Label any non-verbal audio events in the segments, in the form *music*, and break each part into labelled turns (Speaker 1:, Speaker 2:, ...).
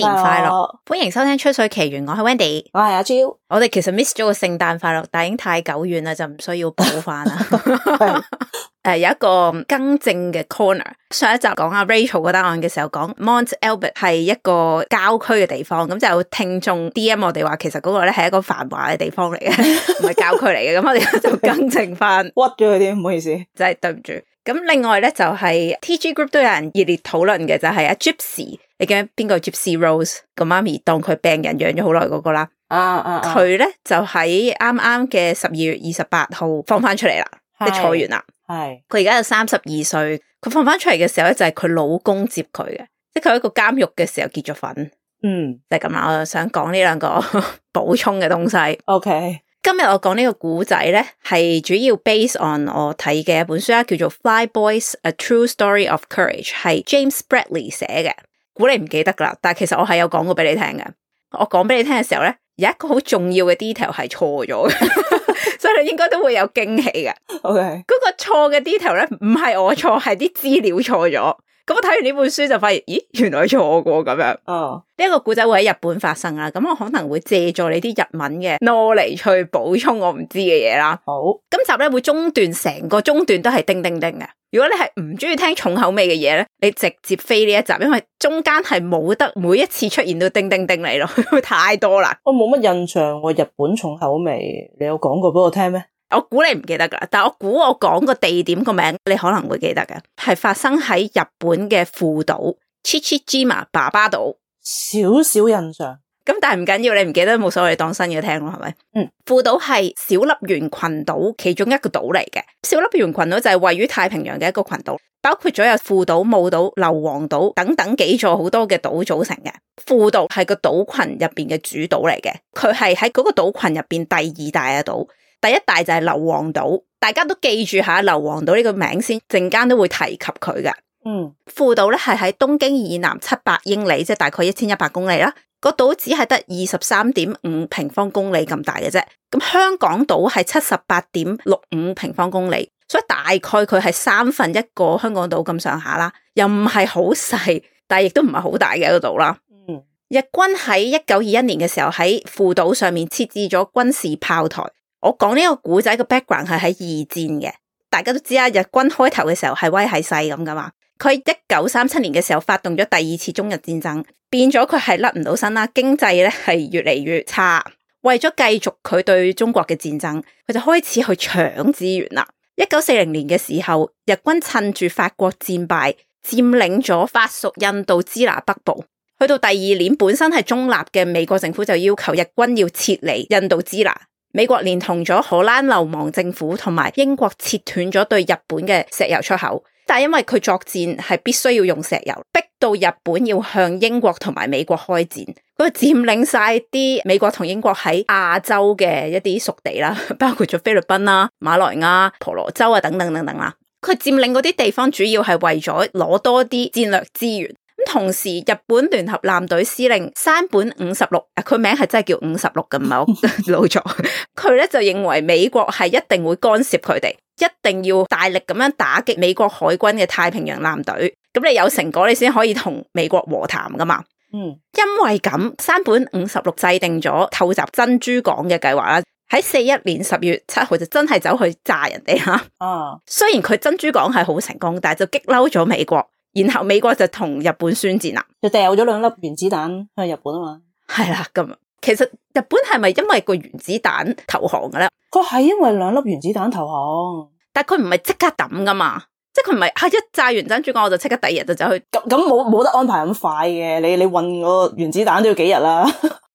Speaker 1: 新年快樂！Hello.
Speaker 2: 歡迎收聽《吹水奇緣》，我係 Wendy，Hi, Jill. 我係阿 Jo。我哋其實 miss 咗個聖誕快樂，但已經太久遠啦，就唔需要補翻啦。誒 *laughs* 是， *laughs* 有一個更正嘅 corner。上一集講阿 Rachel 嗰單案嘅時候，講 Mont Albert 係一個郊區嘅地方，咁就聽眾 DM 我哋話，其實嗰個咧係一個繁華嘅地方嚟嘅，唔係郊區嚟嘅。咁 *laughs* *laughs* 我哋就更正翻，屈咗佢啲，唔好意思，真係對唔住。咁另外咧就係、是、TG Group 都有人熱烈討論嘅，就係、是、阿 Gypsy。你記得邊個 Gypsy Rose 個媽咪當佢病人養咗好耐嗰個啦？啊啊、uh, uh, uh.！佢咧就喺啱啱嘅十二月二十八號放翻出嚟啦，即 *noise* 坐完啦。
Speaker 1: 係
Speaker 2: 佢而家就三十二歲，佢 *noise* 放翻出嚟嘅時候咧就係佢老公接佢嘅，即佢喺個監獄嘅時候結咗份。嗯，就係咁啦。我就想講呢兩個補 *laughs* 充嘅東西。O Okay . K，今日我講呢個古仔咧，係主要 base on 我睇嘅一本書啦，叫做《Fly Boys：A True Story of Courage》，係 James Bradley 寫嘅。如果你唔記得噶啦，但係其實我係有講過俾你聽嘅。我講俾你聽嘅時候咧，有一個好重要嘅 detail 係錯咗嘅， *laughs* 所以你應該都會有驚喜嘅。OK，嗰個錯嘅 detail 咧，唔係我錯，係啲資料錯咗。咁我睇完呢本書就發現，咦，原來錯過咁樣。哦，呢個古仔會喺日本發生啦。咁我可能會借助你啲日文嘅，攞嚟去補充我唔知嘅嘢啦。好，oh. 今集咧會中段，成個中段都係叮叮叮嘅。如果你係唔中意聽重口味嘅嘢咧，你直接飛呢一集，因為中間係冇得每一次出現到叮叮叮嚟咯， *laughs* 太多啦了。我冇乜印象，我日本重口味，你有講過俾我聽咩？我估你唔記得噶啦，但係我估我講個地點個名，你可能會記得嘅，係發生喺日本嘅富島 c h i c h i j m a 爸爸島）。少少印象，咁但係唔緊要緊，你唔記得冇所謂，你當新嘢聽咯，係咪？嗯，富島係小笠原群島其中一個島嚟嘅。小笠原群島就係位於太平洋嘅一個群島，包括咗有富島、母島、硫磺島等等幾座好多嘅島組成嘅。富島係個島群入邊嘅主島嚟嘅，佢係喺嗰個島群入邊第二大嘅島。第一大就係硫磺島，大家都記住下硫磺島呢個名先，陣間都會提及佢嘅。嗯，父島咧係喺東京以南七百英里，即係大概一千一百公里啦。個島只係得二十三點五平方公里咁大嘅啫。咁香港島係七十八點六五平方公里，所以大概佢係三分一個香港島咁上下啦。又唔係好細，但係亦都唔係好大嘅一個島啦。嗯，日軍喺一九二一年嘅時候喺父島上面設置咗軍事炮台。我講呢個古仔嘅 background 係喺二戰嘅，大家都知啊，日軍開頭嘅時候係威係勢咁噶嘛。佢一九三七年嘅時候發動咗第二次中日戰爭，變咗佢係甩唔到身啦，經濟呢係越嚟越差。為咗繼續佢對中國嘅戰爭，佢就開始去搶資源啦。一九四零年嘅時候，日軍趁住法國戰敗，佔領咗法屬印度支那北部。去到第二年，本身係中立嘅美國政府就要求日軍要撤離印度支那。美國連同咗荷蘭流亡政府同埋英國切斷咗對日本嘅石油出口，但係因為佢作戰係必須要用石油，逼到日本要向英國同埋美國開戰，佢佔領晒啲美國同英國喺亞洲嘅一啲屬地啦，包括咗菲律賓啦、馬來亞、婆羅洲啊等等等等啦，佢佔領嗰啲地方主要係為咗攞多啲戰略資源。咁同時，日本聯合艦隊司令山本五十六，佢名係真係叫五十六嘅，唔係老作。佢咧 *laughs* *laughs* 就認為美國係一定會干涉佢哋，一定要大力咁樣打擊美國海軍嘅太平洋艦隊。咁你有成果，你先可以同美國和談噶嘛。嗯，因為咁，山本五十六制定咗偷襲珍珠港嘅計劃啦。喺四一年十月七號就真係走去炸人哋吓。啊，雖然佢珍珠港係好成功，但係就激嬲咗美國。然後美國就同日本宣戰啦，就掉咗兩粒原子彈去日本啊嘛，係啦咁。其實日本係咪因為，原因為個原子彈投降噶咧？
Speaker 1: 佢係因為兩粒原子彈投降，但係
Speaker 2: 佢唔係即刻抌噶嘛，即係佢唔係係一炸原子彈我就即刻第二日就走去。咁咁冇冇得安排咁快嘅？你你運個原子彈都要幾日啦？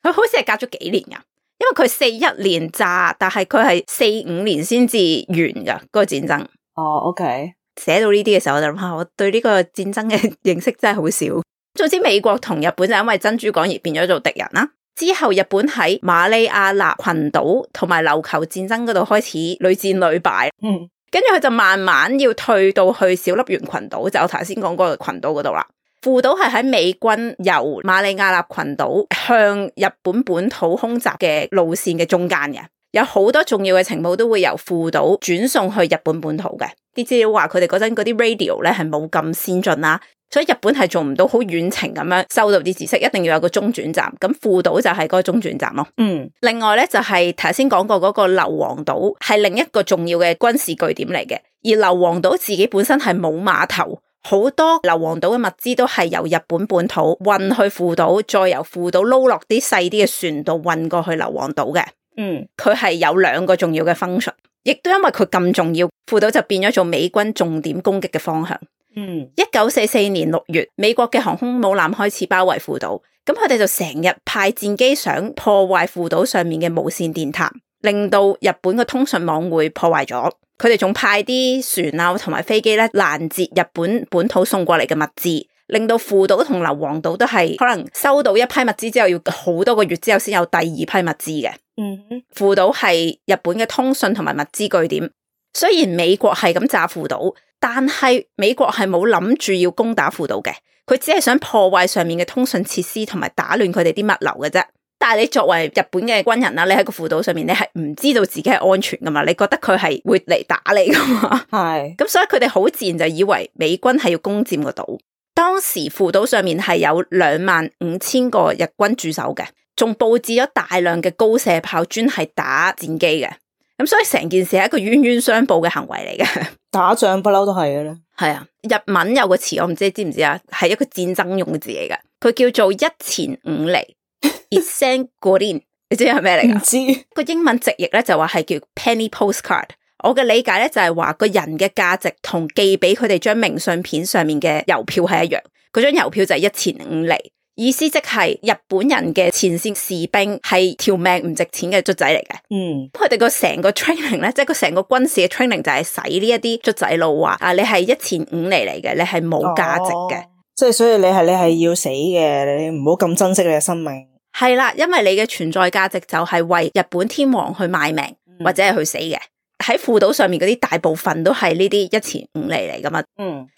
Speaker 2: 佢 *laughs* 好似係隔咗幾年噶，因為佢四一年炸，但係佢係四五年先至完噶嗰，那個戰爭。哦、oh，OK。寫到呢啲嘅時候，我就諗下，我對呢個戰爭嘅認識真係好少。早知美國同日本就因為珍珠港而變咗做敵人啦。之後，日本喺馬里亞納群島同埋琉球戰爭嗰度開始屢戰屢敗，嗯，跟住佢就慢慢要退到去小笠原群島，就我頭先講過群島嗰度啦。父島係喺美軍由馬里亞納群島向日本本土空襲嘅路線嘅中間嘅。有好多重要嘅情報都會由父島轉送去日本本土嘅，啲資料話佢哋嗰陣嗰啲 radio 咧係冇咁先進啦，所以日本係做唔到好遠程咁樣收到啲知識，一定要有個中轉站，咁父島就係嗰個中轉站咯。嗯，另外咧就係頭先講過嗰個硫磺島係另一個重要嘅軍事據點嚟嘅，而硫磺島自己本身係冇碼頭，好多硫磺島嘅物資都係由日本本土運去父島，再由父島撈落啲細啲嘅船度運過去硫磺島嘅。嗯，佢係有兩個重要嘅分 u 亦都因為佢咁重要，附島就變咗做美軍重點攻擊嘅方向。嗯，一九四四年六月，美國嘅航空母艦開始包圍附島，咁佢哋就成日派戰機想破壞附島上面嘅無線電塔，令到日本嘅通訊網會破壞咗。佢哋仲派啲船啊同埋飛機咧攔截日本本土送過嚟嘅物資。令到父島同硫磺島都係可能收到一批物資之後，要好多個月之後先有第二批物資嘅。嗯、mm，父島係日本嘅通訊同埋物資據點。雖然美國係咁炸父島，但係美國係冇諗住要攻打父島嘅，佢只係想破壞上面嘅通訊設施同埋打亂佢哋啲物流嘅啫。但係你作為日本嘅軍人啦，你喺個父島上面，你係唔知道自己係安全㗎嘛？你覺得佢係會嚟打你㗎嘛？係咁，所以佢哋好自然就以為美軍係要攻占個島。當時父島上面係有兩萬五千個日軍駐守嘅，仲布置咗大量嘅高射炮，專係打戰機嘅。咁所以成件事係一個冤冤相報嘅行為嚟嘅。打仗不嬲都係嘅咧。係啊，日文有個詞我唔知你知唔知啊？係一個戰爭用嘅字嚟嘅，佢叫做一錢五厘。 *laughs* Issen gorin。你知係咩嚟噶？知個英文直譯咧就話係叫 penny postcard。我嘅理解咧，就係話個人嘅價值同寄俾佢哋張明信片上面嘅郵票係一樣，嗰張郵票就係一錢五厘，意思即係日本人嘅前線士兵係條命唔值錢嘅卒仔嚟嘅。嗯，佢哋個成個 training 咧，即係個成個軍事嘅 training 就係使呢一啲卒仔路話啊，你係一錢五厘嚟嘅，你係冇價值嘅。即係所以你係你係要死嘅，你唔好咁珍惜你嘅生命。係啦，因為你嘅存在價值就係為日本天皇去賣命或者係去死嘅。喺父島上面嗰啲大部分都係呢啲一錢五厘嚟㗎嘛，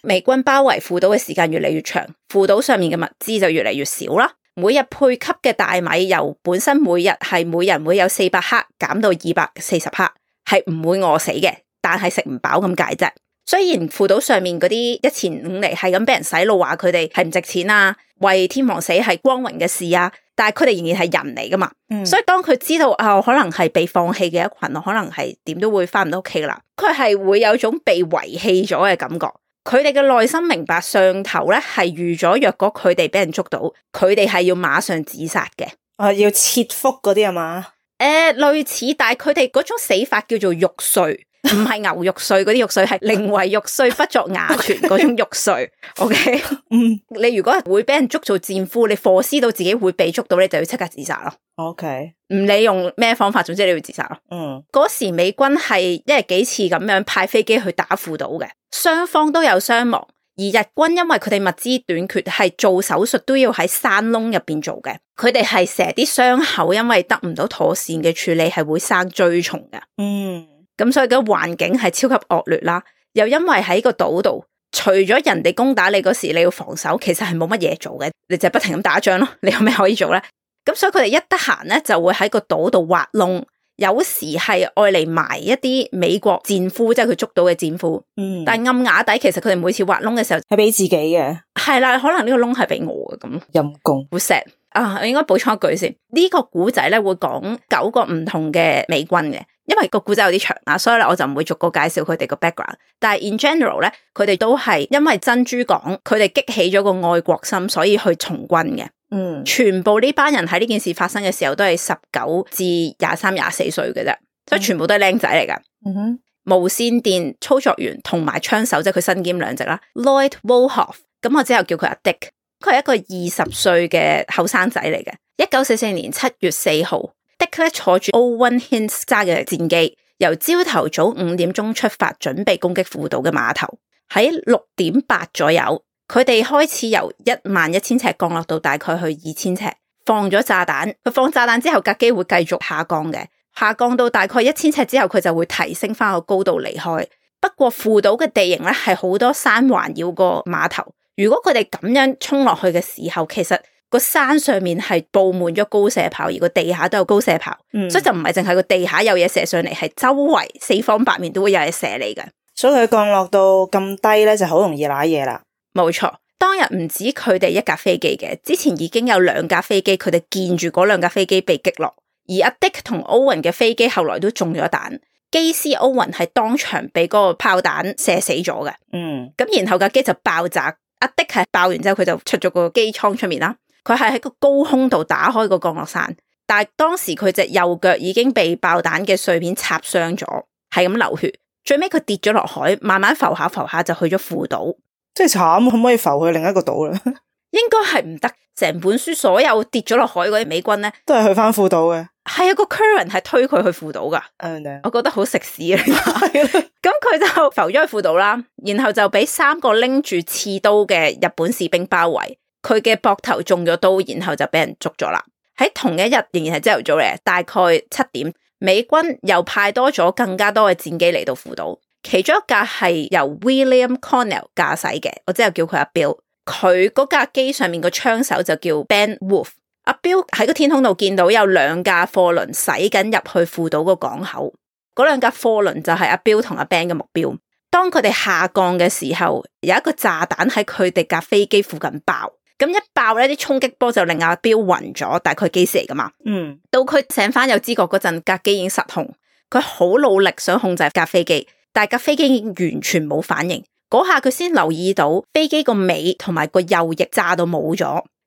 Speaker 2: 美軍、嗯、包圍父島嘅時間越嚟越長，父島上面嘅物資就越嚟越少啦。每日配給嘅大米由本身每日係每人會有四百克減到二百四十克，係唔會餓死嘅，但係食唔飽咁解啫。雖然父島上面嗰啲一錢五厘係咁俾人洗腦，話佢哋係唔值錢啊，為天皇死係光榮嘅事啊，但係佢哋仍然係人嚟噶嘛嗯、所以當佢知道啊，可能係被放棄嘅一群，可能係點都會翻唔到屋企啦。佢係會有種被遺棄咗嘅感覺。佢哋嘅內心明白上頭咧係預咗，若果佢哋俾人捉到，佢哋係要馬上自殺嘅。啊，要切腹嗰啲啊嘛。誒、欸，類似，但係佢哋嗰種死法叫做玉碎。唔係牛肉碎，嗰啲肉碎係寧為肉碎，肉碎不作瓦全嗰 *laughs* 種肉碎。O K，嗯，你如果會俾人捉做戰俘，你火屍到自己會被捉到，你就要即刻自殺咯。O K，唔理用咩方法，總之你要自殺咯。嗯，嗰時美軍係一日幾次咁樣派飛機去打父島嘅，雙方都有傷亡，而日軍因為佢哋物資短缺，係做手術都要喺山窿入邊做嘅，佢哋係成日啲傷口因為得唔到妥善嘅處理，係會生蛆蟲嘅。嗯。咁所以嘅環境係超級惡劣啦，又因為喺個島度，除咗人哋攻打你嗰時你要防守，其實係冇乜嘢做嘅，你就不停咁打仗咯。你有咩可以做咧？咁所以佢哋一得閒咧就會喺個島度挖窿，有時係愛嚟埋一啲美國戰俘，即係佢捉到嘅戰俘。嗯，但係暗瓦底其實佢哋每次挖窿嘅時候係俾自己嘅，係啦，可能呢個窿係俾我嘅咁陰功，會石。啊，我應該補充一句先，這個、呢個古仔咧會講九個唔同嘅美軍嘅，因為個古仔有啲長啊，所以咧我就唔會逐個介紹佢哋個 background。但係 in general 咧，佢哋都係因為珍珠港，佢哋激起咗個愛國心，所以去從軍嘅。嗯，全部呢班人喺呢件事發生嘅時候都係十九至廿三、廿四歲嘅啫，所以全部都係僆仔嚟噶。嗯哼，無線電操作員同埋槍手即係佢身兼兩職啦。Lloyd Wolhoff，咁我之後叫佢阿 Dick。佢係一個二十歲嘅後生仔嚟嘅，一九四四年七月四號，德克咧坐住 O One Hins 揸嘅戰機，由朝頭早五點鐘出發，準備攻擊父島嘅碼頭。喺六點八左右，佢哋開始由一萬一千尺降落到大概去二千尺，放咗炸彈。佢放炸彈之後架機會繼續下降嘅，下降到大概一千尺之後，佢就會提升翻個高度離開。不過父島嘅地形咧係好多山環繞個碼頭。如果佢哋咁樣衝落去嘅時候，其實個山上面係布滿咗高射炮，而個地下都有高射炮，嗯、所以就唔係淨係個地下有嘢射上嚟，係周圍四方八面都會有嘢射嚟嘅。所以佢降落到咁低咧，就好容易瀨嘢啦。冇錯，當日唔止佢哋一架飛機嘅，之前已經有兩架飛機，佢哋見住嗰兩架飛機被擊落，而阿 Dick 同 Owen 嘅飛機後來都中咗彈，機師 Owen 係當場被嗰個炮彈射死咗嘅。嗯，咁然後架機就爆炸。阿的係爆完之後，佢就出咗個機艙出面啦。佢係喺個高空度打開個降落傘，但係當時佢隻右腳已經被爆彈嘅碎片插傷咗，係咁流血。最尾佢跌咗落海，慢慢浮下浮下就去咗父島。
Speaker 1: 真係慘，可唔可以浮去另一個島咧？ *laughs*
Speaker 2: 應該係唔得，成本書所有跌咗落海嗰啲美軍咧，
Speaker 1: 都係去返父島嘅。
Speaker 2: 係啊，個 current 係推佢去父島噶嗯，我覺得好食屎啊！咁佢 *laughs* *laughs* *laughs* 就浮咗去父島啦，然後就俾三個拎住刺刀嘅日本士兵包圍，佢嘅膊頭中咗刀，然後就俾人捉咗啦。喺同一日，仍然係朝頭早嚟，大概七點，美軍又派多咗更加多嘅戰機嚟到父島，其中一架係由 William Cornell 駕駛嘅，我之後叫佢阿 Bill。佢嗰架機上面個槍手就叫 Ben Wolf。阿彪喺個天空度見到有兩架貨輪駛緊入去父島個港口。嗰兩架貨輪就係阿彪同阿 Ben 嘅目標。當佢哋下降嘅時候，有一個炸彈喺佢哋架飛機附近爆。咁一爆咧，啲衝擊波就令阿彪暈咗。大概佢機師嚟噶嘛？嗯。到佢醒翻有知覺嗰陣，架機已經失控。佢好努力想控制架飛機，但架飛機已經完全冇反應。嗰下佢先留意到飛機個尾同埋個右翼炸到冇咗，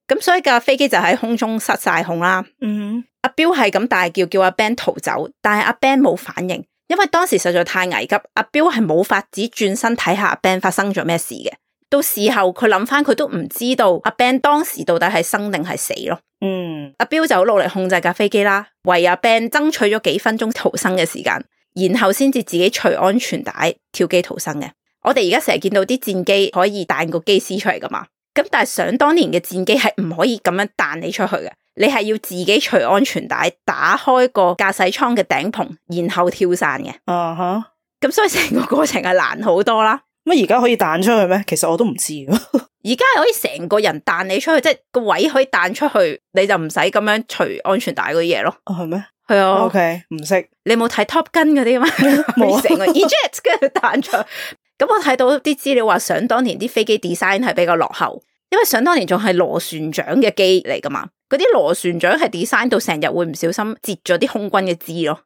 Speaker 2: 咁所以架飛機就喺空中失晒控啦。嗯、
Speaker 1: mm，hmm.
Speaker 2: 阿彪係咁大叫叫阿 Ben 逃走，但係阿 Ben 冇反應，因為當時實在太危急，阿彪係冇法子轉身睇下阿 Ben 發生咗咩事嘅。到事後佢諗翻，佢都唔知道阿 Ben 當時到底係生定係死咯。嗯、mm，hmm. 阿彪就好落力控制架飛機啦，為阿 Ben 爭取咗幾分鐘逃生嘅時間，然後先至自己除安全帶跳機逃生嘅。我哋而家成日見到啲戰機可以彈個機師出嚟噶嘛？咁但係想當年嘅戰機係唔可以咁樣彈你出去嘅，你係要自己除安全帶，打開個駕駛艙嘅頂棚，然後跳傘嘅。啊咁、uh huh. 所以成個過程係難好多啦。乜而家可以彈出去咩？其實我都唔知。而 *laughs* 家可以成個人彈你出去，即、就、係、是、個位可以彈出去，你就唔使咁樣除安全帶嗰啲嘢咯。係咩、oh,？係啊。OK，唔識。你冇睇 Top Gun 嗰啲啊嘛？冇、 *laughs* *laughs* e。成個 eject 跟住彈出。 *laughs* 咁、嗯、我睇到啲資料話，想當年啲飛機 design 係比較落後，因為想當年仲係螺旋槳嘅機嚟噶嘛，嗰啲螺旋槳係 design 到成日會唔小心截咗啲空軍嘅枝咯。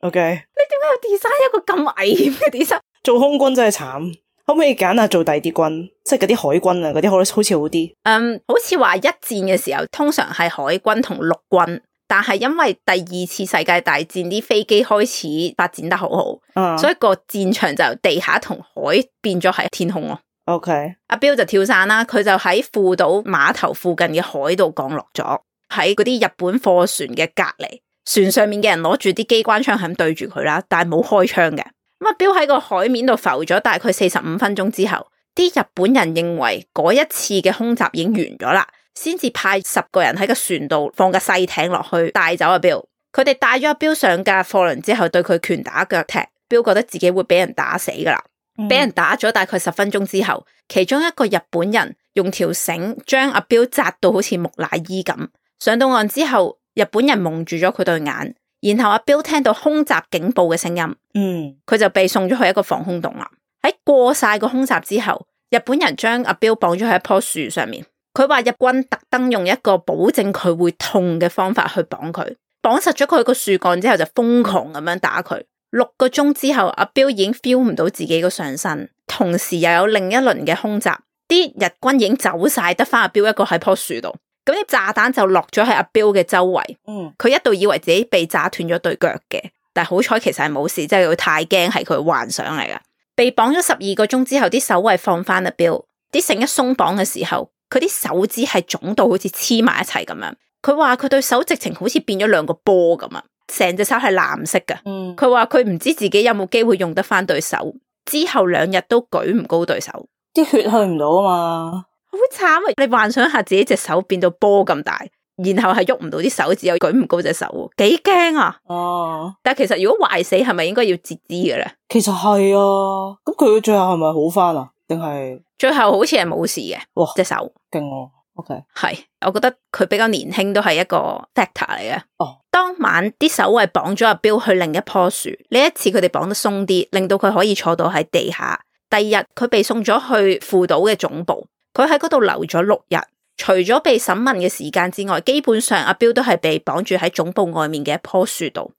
Speaker 2: OK，你點解要 design 一個咁危險嘅 design？做空軍真係慘，可唔可以揀下做第二啲軍，
Speaker 1: 即係嗰啲海軍啊，嗰啲好好似好啲。
Speaker 2: 嗯，好似話一戰嘅時候，通常係海軍同陸軍。但係因為第二次世界大戰啲飛機開始發展得好好，uh huh. 所以個戰場就地下同海變咗係天空。O K，阿彪就跳傘啦，佢就喺父島碼頭附近嘅海度降落咗，喺嗰啲日本貨船嘅隔籬，船上面嘅人攞住啲機關槍係咁對住佢啦，但係冇開槍嘅。咁阿彪喺個海面度浮咗大概四十五分鐘之後，啲日本人認為嗰一次嘅空襲已經完咗啦。先至派十個人喺個船度放個細艇落去帶走阿彪。佢哋帶咗阿彪上架貨輪之後，對佢拳打腳踢，彪覺得自己會俾人打死噶啦，俾、嗯、人打咗大概十分鐘之後，其中一個日本人用條繩將阿彪紮到好似木乃伊咁。上到岸之後，日本人蒙住咗佢對眼，然後阿彪聽到空襲警報嘅聲音，嗯，佢就被送咗去一個防空洞啦。喺過晒個空襲之後，日本人將阿彪綁咗喺一棵樹上面。佢話日軍特登用一個保證佢會痛嘅方法去綁佢，綁實咗佢個樹幹之後就瘋狂咁樣打佢。六個鐘之後，阿彪已經 feel 唔到自己個上身，同時又有另一輪嘅空襲，啲日軍已經走晒，得翻阿彪一個喺樖樹度。咁啲炸彈就落咗喺阿彪嘅周圍。嗯，佢一度以為自己被炸斷咗對腳嘅，但係好彩其實係冇事，即係佢太驚係佢幻想嚟噶。被綁咗十二個鐘之後，啲守衛放翻阿彪，啲繩一鬆綁嘅時候。佢啲手指係腫到好似黐埋一齊咁樣，樣，佢話佢對手直情好似變咗兩個波咁啊！成隻手係藍色噶，嗯，佢話佢唔知自己有冇機會用得返對手，之後兩日都舉唔高對手，啲血去唔到啊嘛，好慘啊！你幻想下自己隻手變到波咁大，然後係喐唔到啲手指，又舉唔高隻手，幾驚啊！哦、啊，但其實如果壞死係咪應該要截肢嘅咧？
Speaker 1: 其實係啊，咁佢最後係咪好返啊？
Speaker 2: 定係最後好似係冇事嘅，哇！隻手勁喎，哦，OK，係，我覺得佢比較年輕，都係一個 factor 嚟嘅。哦，oh。當晚啲守衛綁咗阿彪去另一棵樹，呢一次佢哋綁得鬆啲，令到佢可以坐到喺地下。第二日佢被送咗去父島嘅總部，佢喺嗰度留咗六日，除咗被審問嘅時間之外，基本上阿彪都係被綁住喺總部外面嘅一棵樹度。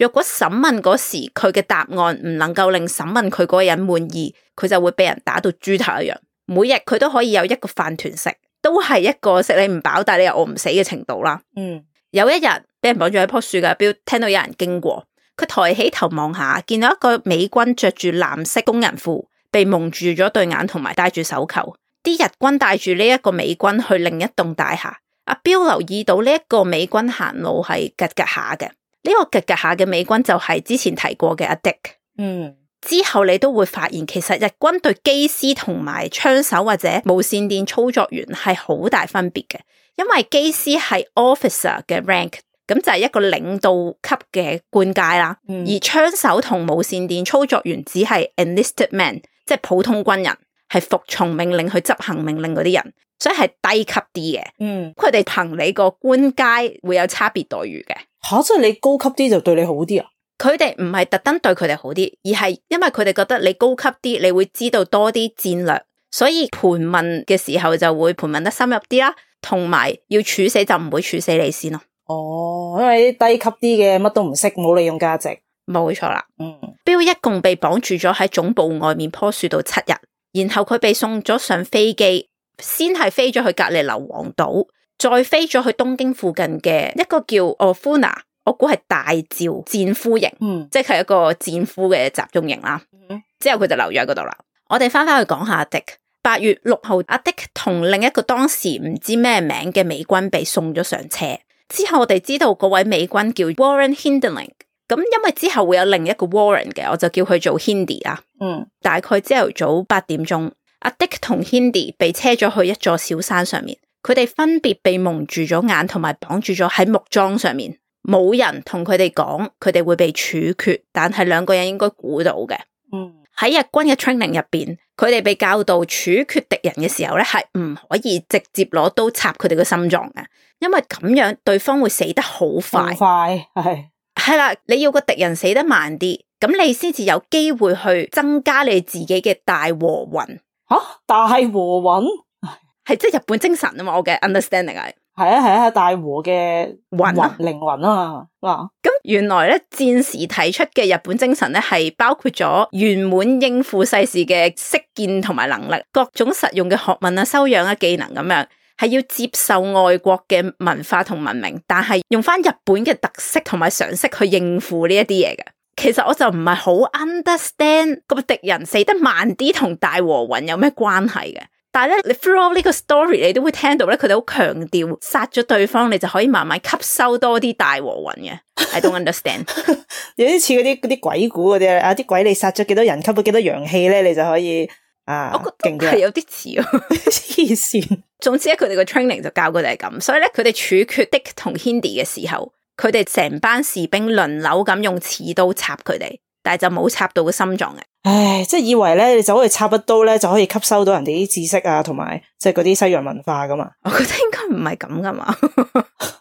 Speaker 2: 若果審問嗰時佢嘅答案唔能夠令審問佢嗰個人滿意，佢就會被人打到豬頭一樣。每日佢都可以有一個飯糰食，都係一個食你唔飽但你又餓唔死嘅程度啦。嗯，有一日俾人綁住喺棵樹嘅，阿標聽到有人經過，佢抬起頭望下，見到一個美軍着住藍色工人褲，被蒙住咗對眼同埋戴住手球。啲日軍帶住呢一個美軍去另一棟大廈，阿標留意到呢一個美軍行路係吉吉下嘅。呢個格格下嘅美軍就係之前提過嘅阿迪。嗯，之後你都會發現，其實日軍對機師同埋槍手或者無綫電操作員係好大分別嘅。因為機師係 officer 嘅 rank，咁就係一個領導級嘅官階啦。嗯、而槍手同無綫電操作員只係 enlisted man，即係普通軍人，係服從命令去執行命令嗰啲人，所以係低級啲嘅。嗯，佢哋憑你個官階會有差別待遇嘅。吓，即係你高級啲就對你好啲啊？佢哋唔係特登對佢哋好啲，而係因為佢哋覺得你高級啲，你會知道多啲戰略，所以盤問嘅時候就會盤問得深入啲啦。同埋要處死就唔會處死你先咯。哦，因為啲低級啲嘅乜都唔識，冇利用價值，冇錯啦。嗯，彪一共被綁住咗喺總部外面棵樹度七日，然後佢被送咗上飛機，先係飛咗去隔離硫磺島。再飛咗去東京附近嘅一個叫 Ofuna，我估係大趙戰俘營，嗯，即係一個戰俘嘅集中營啦。嗯、之後佢就留咗喺嗰度啦。嗯、我哋翻翻去講下阿 Dick，八月六號阿 Dick 同另一個當時唔知咩名嘅美軍被送咗上車，之後我哋知道嗰位美軍叫 Warren Hindling，咁因為之後會有另一個 Warren 嘅，我就叫佢做 Hindy 啦。嗯，大概朝頭早八點鐘，阿 Dick 同 Hindy 被車咗去一座小山上面。佢哋分別被蒙住咗眼，同埋綁住咗喺木樁上面。冇人同佢哋講，佢哋會被處決。但係兩個人應該估到嘅，嗯。喺日軍嘅 training 入邊，佢哋被教導處決敵人嘅時候咧，係唔可以直接攞刀插佢哋嘅心臟嘅，因為咁樣對方會死得好快。快係係啦，你要個敵人死得慢啲，咁你先至有機會去增加你自己嘅大和魂。吓、啊？大和魂？係即係日本精神啊嘛，我嘅 understanding 係啊係啊，大和嘅魂靈魂啊嘛，嗱，咁原來咧，戰時提出嘅日本精神咧，係包括咗圓滿應付世事嘅識見同埋能力，各種實用嘅學問啊、修養啊、技能咁樣，係要接受外國嘅文化同文明，但係用翻日本嘅特色同埋常識去應付呢一啲嘢嘅。其實我就唔係好 understand 個敵人死得慢啲同大和魂有咩關係嘅。但係咧，你 through 呢個 story 你都會聽到咧，佢哋好強調殺咗對方，你就可以慢慢吸收多啲大和魂嘅。I don't understand， *laughs* 有
Speaker 1: 啲似嗰啲啲鬼古嗰啲咧，啊啲鬼你殺咗幾多人，吸咗幾多陽氣咧，你就可以啊勁啲。係有啲似啊，黐線。
Speaker 2: *laughs* 病總之咧，佢哋個 training 就教佢哋係咁，所以咧，佢哋處決 Dick 同 Hendy 嘅時候，佢哋成班士兵輪流咁用刺刀插佢哋，但係就冇插到個心臟嘅。
Speaker 1: 唉，即係以為咧，你就可以插一刀咧，就可以吸收到人哋啲知識啊，同埋即係嗰啲西洋文化㗎嘛？我
Speaker 2: 覺得應該唔係咁㗎嘛，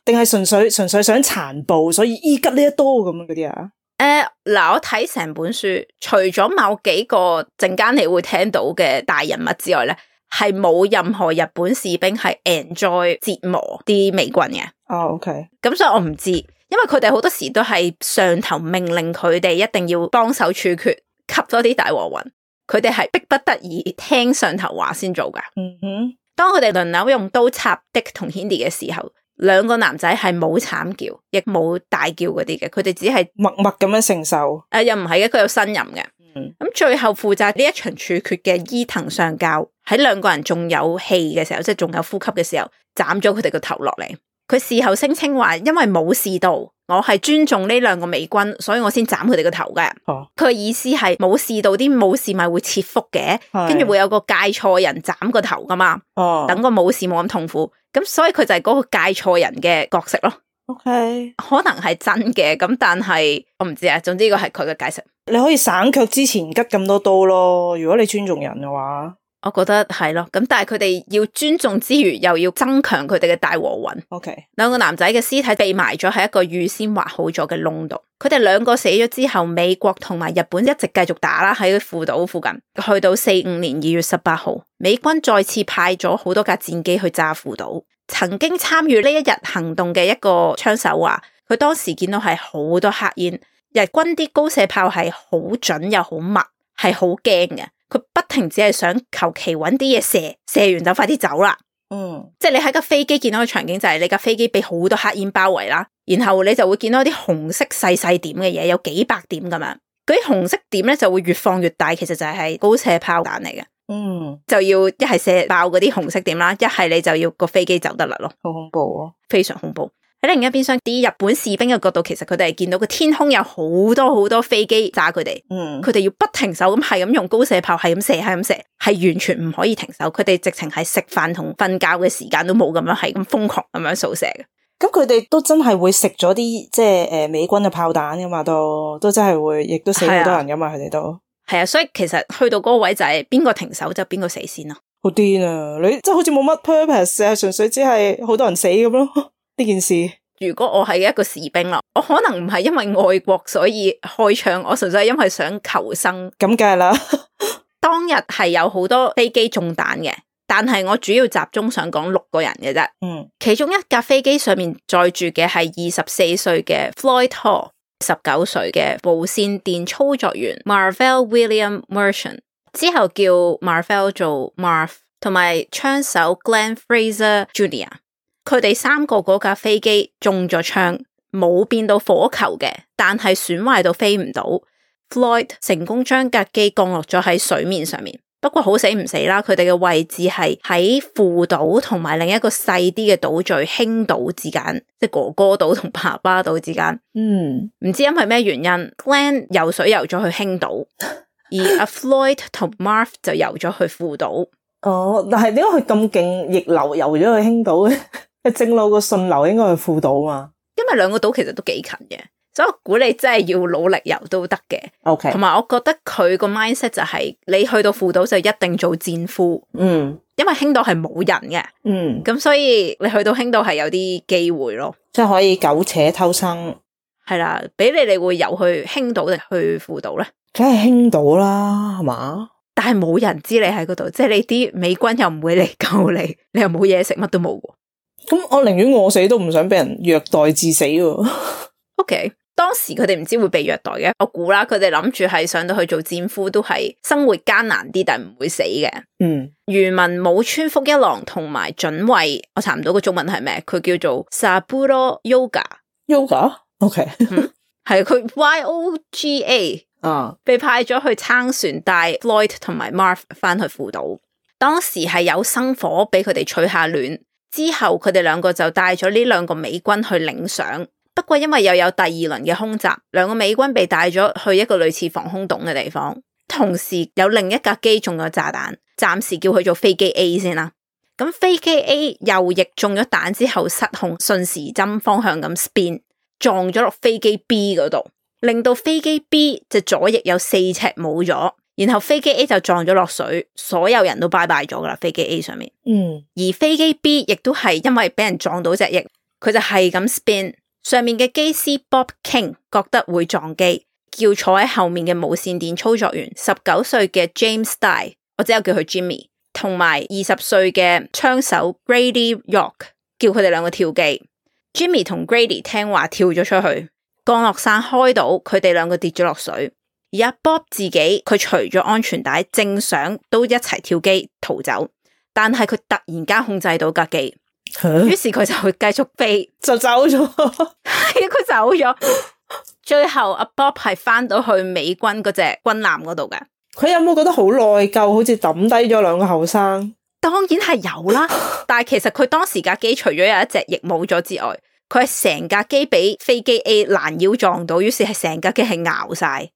Speaker 2: 定
Speaker 1: 係純粹純粹想殘暴，所以依吉呢一刀咁啊嗰啲啊？誒、
Speaker 2: 呃，嗱、呃，我睇成本書，除咗某幾個陣間你會聽到嘅大人物之外咧，係冇任何日本士兵係 enjoy 折磨啲美軍嘅。哦，OK，咁所以我唔知，因為佢哋好多時都係上頭命令佢哋一定要幫手處決。吸咗啲大和魂，佢哋係逼不得已聽上頭話先做噶。嗯、哼當佢哋輪流用刀插的同 Hendi 嘅時候，兩個男仔係冇慘叫，亦冇大叫嗰啲嘅，佢哋只係默默咁樣承受。誒、啊，又唔係嘅，佢有呻吟嘅。咁、嗯、最後負責呢一場處決嘅伊藤上校喺兩個人仲有氣嘅時候，即係仲有呼吸嘅時候，斬咗佢哋個頭落嚟。佢事後聲稱話，因為冇事到。我係尊重呢兩個美軍，所以我先斬佢哋個頭嘅。佢、oh。意思係冇事到啲武士咪會切腹嘅，跟住，oh。會有個介錯人斬個頭噶嘛。等，oh。個武士冇咁痛苦，咁所以佢就係嗰個介錯人嘅角色咯。OK，可能係真嘅，咁但係我唔知啊。總之個係佢嘅解釋。你可以省卻之前㓤咁多刀咯。如果你尊重人嘅話。我覺得係咯，咁但係佢哋要尊重之餘，如又要增強佢哋嘅大和魂。OK，兩個男仔嘅屍體被埋咗喺一個預先挖好咗嘅窿度。佢哋兩個死咗之後，美國同埋日本一直繼續打啦，喺父島附近，去到四五年二月十八號，美軍再次派咗好多架戰機去炸父島。曾經參與呢一日行動嘅一個槍手話，佢當時見到係好多黑煙，日軍啲高射炮係好準又好密，係好驚嘅。佢不停只係想求其搵啲嘢射，射完就快啲走啦。嗯，即係你喺架飛機見到嘅場景就係你架飛機被好多黑煙包圍啦，然後你就會見到啲紅色細細點嘅嘢，有幾百點咁樣，嗰啲紅色點咧就會越放越大，其實就係高射炮彈嚟嘅。嗯，就要一係射爆嗰啲紅色點啦，一係你就要個飛機走得啦咯。好恐怖啊！非常恐怖。喺另一邊廂，啲日本士兵嘅角度，其實佢哋係見到個天空有好多好多飛機炸佢哋。嗯，佢哋要不停手咁，係咁用高射炮，係咁射，係咁射，係完全唔可以停手。佢哋直情係食飯同瞓覺嘅時間都冇，咁樣係咁瘋狂咁樣掃射嘅。
Speaker 1: 咁佢哋都真係會食咗啲即係誒美軍嘅炮彈噶嘛？都都真係會，亦都死好多人噶嘛？佢哋、啊、都
Speaker 2: 係啊，所以其實去到嗰個位就係邊個停手就邊個死先啦。
Speaker 1: 好癲啊！你即係好似冇乜 purpose，係純粹只係好多人死咁咯。 *laughs*
Speaker 2: 呢件事，如果我係一個士兵啦，我可能唔係因為愛國所以開槍，我純粹係因為想求生。咁梗係啦。 *laughs* 當日係有好多飛機中彈嘅，但係我主要集中想講六個人嘅啫。嗯，其中一架飛機上面載住嘅係二十四歲嘅 Floyd Hall，十九歲嘅無線電操作員 Marvel William Mershon，之後叫 Marvel 做 Marv，同埋槍手 Glenn Fraser Jr。佢哋三個嗰架飛機中咗槍，冇變到火球嘅，但係損壞到飛唔到。Floyd 成功將架機降落咗喺水面上面，不過好死唔死啦！佢哋嘅位置係喺父島同埋另一個細啲嘅島嶼兄島之間，即係哥哥島同爸爸島之間。嗯，唔知因為咩原因 Glenn 游水游咗去兄島，嗯、而阿 Floyd 同 Marth 就游咗去父島。哦，但係點解佢咁勁逆流游咗去兄島咧？正路個順
Speaker 1: 流應該去父島啊，
Speaker 2: 因為兩個島其實都幾近嘅，所以我估你真係要努力游都得嘅。O K，同埋我覺得佢個 mindset 就係、是、你去到父島就一定做戰俘。嗯，因為兄島係冇人嘅。嗯，咁所以你去到兄島係有啲機會咯，即係可以苟且偷生。係啦，俾你你會游去兄島定去父島咧？梗係兄島啦，係嘛？但係冇人知你喺嗰度，即、就、係、是、你啲美軍又唔會嚟救你，你又冇嘢食，乜都冇。咁我寧願餓
Speaker 1: 死都唔想俾人虐待致死。 *laughs* o、
Speaker 2: okay, K，當時佢哋唔知會被虐待嘅，我估啦，佢哋諗住係上到去做戰俘都係生活艱難啲，但唔會死嘅。嗯，漁民武村福一郎同埋准尉，我查唔到個中文係咩？佢叫做 Saburo Yoga，Yoga Okay. *laughs* 嗯。O K，係佢 Y O G A 啊，uh. 被派咗去撐船帶 Floyd 同埋 Marv 翻去父島。當時係有生火俾佢哋取下暖。之後佢哋兩個就帶咗呢兩個美軍去領賞，不過因為又有第二輪嘅空襲，兩個美軍被帶咗去一個類似防空洞嘅地方，同時有另一架機中咗炸彈，暫時叫佢做飛機 A 先啦。咁飛機 A 右翼中咗彈之後失控，順時針方向咁 spin，撞咗落飛機 B 嗰度，令到飛機 B 隻左翼有四尺冇咗。然後飛機 A 就撞咗落水，所有人都拜拜咗噶啦。飛機 A 上面，嗯，而飛機 B 亦都係因為俾人撞到隻翼，佢就係咁 spin。上面嘅機師 Bob King 覺得會撞機，叫坐喺後面嘅無線電操作員十九歲嘅 James Dye，我只有叫佢 Jimmy，同埋二十歲嘅槍手 Grady Rock，叫佢哋兩個跳機。Jimmy 同 Grady 聽話跳咗出去，降落傘開到，佢哋兩個跌咗落水。而阿 Bob 自己佢除咗安全帶，正想都一齊跳機逃走，但係佢突然間控制到架機，
Speaker 1: 啊、於是佢就會
Speaker 2: 繼續飛就走咗，佢 *laughs* *laughs* 走咗。最後阿 Bob 係翻到去美軍嗰隻軍艦嗰度嘅。
Speaker 1: 佢有冇覺得好內疚？好似抌低咗兩個後生？
Speaker 2: 當然係有啦。 *laughs* 但係其實佢當時架機除咗有一隻翼冇咗之外，佢係成架機俾飛機 A 攔腰撞到，於是係成架機係咬晒。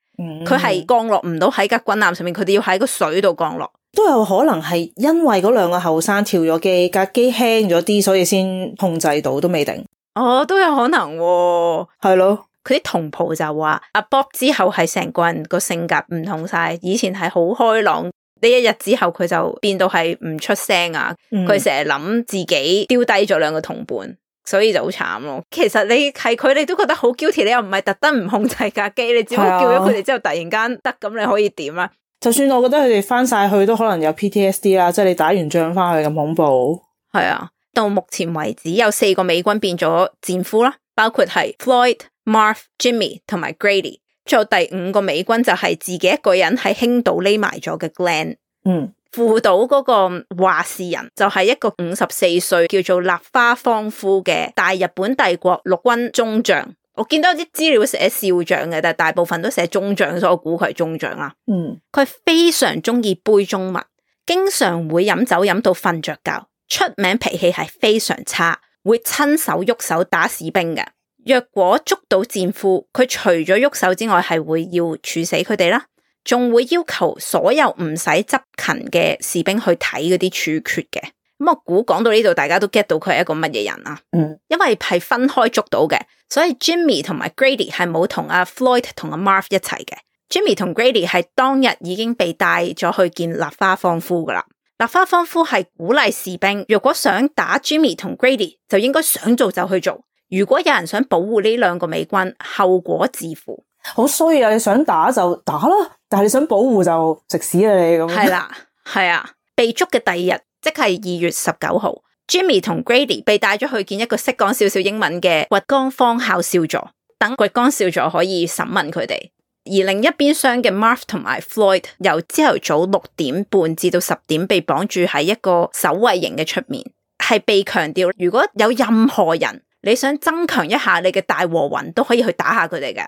Speaker 2: 佢係、嗯、降落唔到喺架軍艦上面，佢哋要喺個水度降落。
Speaker 1: 都有可能係因為嗰兩個後生跳咗機，架機輕咗啲，所以先控制到，都未定。
Speaker 2: 哦，都有可能、啊，係咯。佢啲同袍就話，阿 Bob 之後係成個人個性格唔同晒，以前係好開朗，呢一日之後佢就變到係唔出聲啊。佢成日諗自己丟低咗兩個同伴。所以就好慘咯。其實你係佢，你都覺得好 guilty。你又唔係特登唔控制架機，你只可以叫咗佢哋之後突然間得咁，你可以點啊？
Speaker 1: 就算我覺得佢哋翻晒去都可能有 PTSD
Speaker 2: 啦，即係你打完仗翻去咁恐怖。係啊，到目前為止有四個美軍變咗戰俘啦，包括係 Floyd、Marv、Jimmy 同埋 Grady。仲有第五個美軍就係、是、自己一個人喺輕島匿埋咗嘅 Glen。嗯。父島嗰個話事人就係、是、一個五十四歲叫做立花芳夫嘅大日本帝國陸軍中將，我見到啲資料寫少將嘅，但係大部分都寫中將，所以我估佢係中將啊。嗯，佢非常中意杯中物，經常會飲酒飲到瞓着覺，出名脾氣係非常差，會親手喐手打士兵嘅。若果捉到戰俘，佢除咗喐手之外，係會要處死佢哋啦。仲會要求所有唔使執勤嘅士兵去睇嗰啲處決嘅，咁我估講到呢度，大家都 get 到佢係一個乜嘢人啊？嗯，因為係分開捉到嘅，所以 Jimmy 同埋 Grady 係冇同阿 Floyd 同阿 Marv 一齊嘅。Jimmy 同 Grady 係當日已經被帶咗去見立花芳夫噶啦。立花芳夫係鼓勵士兵，如果想打 Jimmy 同 Grady 就應該想做就去做，如果有人想保護呢兩個美軍，後果自負。好衰啊！你
Speaker 1: 想打就打啦，但係你想保護就食屎啊！你咁係啦，
Speaker 2: 係啊。被捉嘅第二日，即係二月十九號，Jimmy 同 Grady 被帶咗去見一個識講少少英文嘅掘江方孝少佐，等掘江少佐可以審問佢哋。而另一邊廂嘅 Marth 同埋 Floyd 由朝頭早六點半至到十點被綁住喺一個守衛營嘅出面，係被強調如果有任何人你想增強一下你嘅大和魂，都可以去打下佢哋嘅。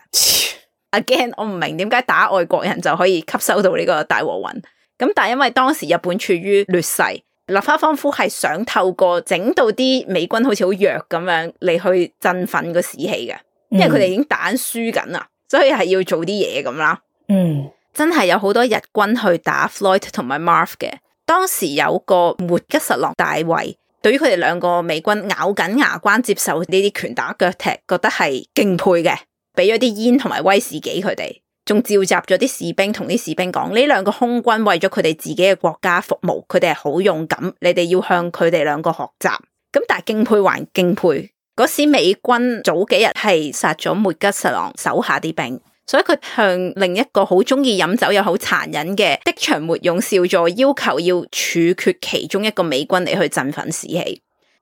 Speaker 2: Again，我唔明點解打外國人就可以吸收到呢個大和魂？咁但係因為當時日本處於劣勢，立花芳夫係想透過整到啲美軍好似好弱咁樣嚟去振奮個士氣嘅，因為佢哋已經打輸緊啊，所以係要做啲嘢咁啦。嗯，真係有好多日軍去打 Floyd 同埋 Marv 嘅。當時有個末吉實落大尉，對於佢哋兩個美軍咬緊牙關接受呢啲拳打腳踢，覺得係敬佩嘅。俾咗啲煙同埋威士忌，佢哋仲召集咗啲士兵，同啲士兵講：呢兩個空軍為咗佢哋自己嘅國家服務，佢哋係好勇敢，你哋要向佢哋兩個學習。咁但係敬佩還敬佩，嗰時美軍早幾日係殺咗末吉實郎手下啲兵，所以佢向另一個好中意飲酒又好殘忍嘅的場末勇少佐要求要處決其中一個美軍嚟去振奮士氣。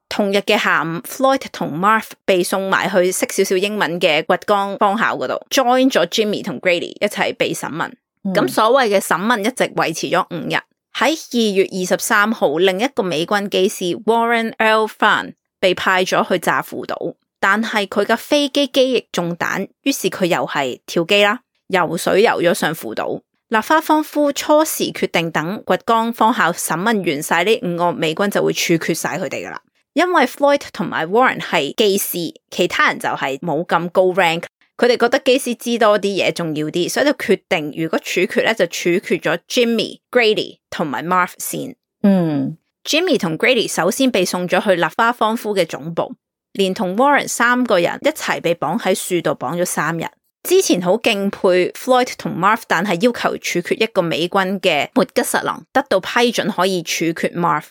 Speaker 2: 同日嘅下午，Floyd 同 Marf 被送埋去識少少英文嘅掘江方校嗰度，join 咗 Jimmy 同 Grady 一齊被審問。咁、嗯、所謂嘅審問一直維持咗五日。喺二月二十三號，另一個美軍機師 Warren L. Farn 被派咗去炸父島，但係佢嘅飛機機翼中彈，於是佢又係跳機啦，游水游咗上父島。立花芳夫初時決定等掘江方校審問完晒呢五個美軍就會處決晒佢哋㗎喇。因為 Floyd 同埋 Warren 係機師，其他人就係冇咁高 rank，佢哋覺得機師知多啲嘢重要啲，所以就決定如果處決咧就處決咗 Jimmy、Grady 同埋 Marv 先。嗯，Jimmy 同 Grady 首先被送咗去立花芳夫嘅總部，連同 Warren 三個人一齊被綁喺樹度綁咗三日。之前好敬佩 Floyd 同 Marv，但係要求處決一個美軍嘅末吉實能得到批准可以處決 Marv。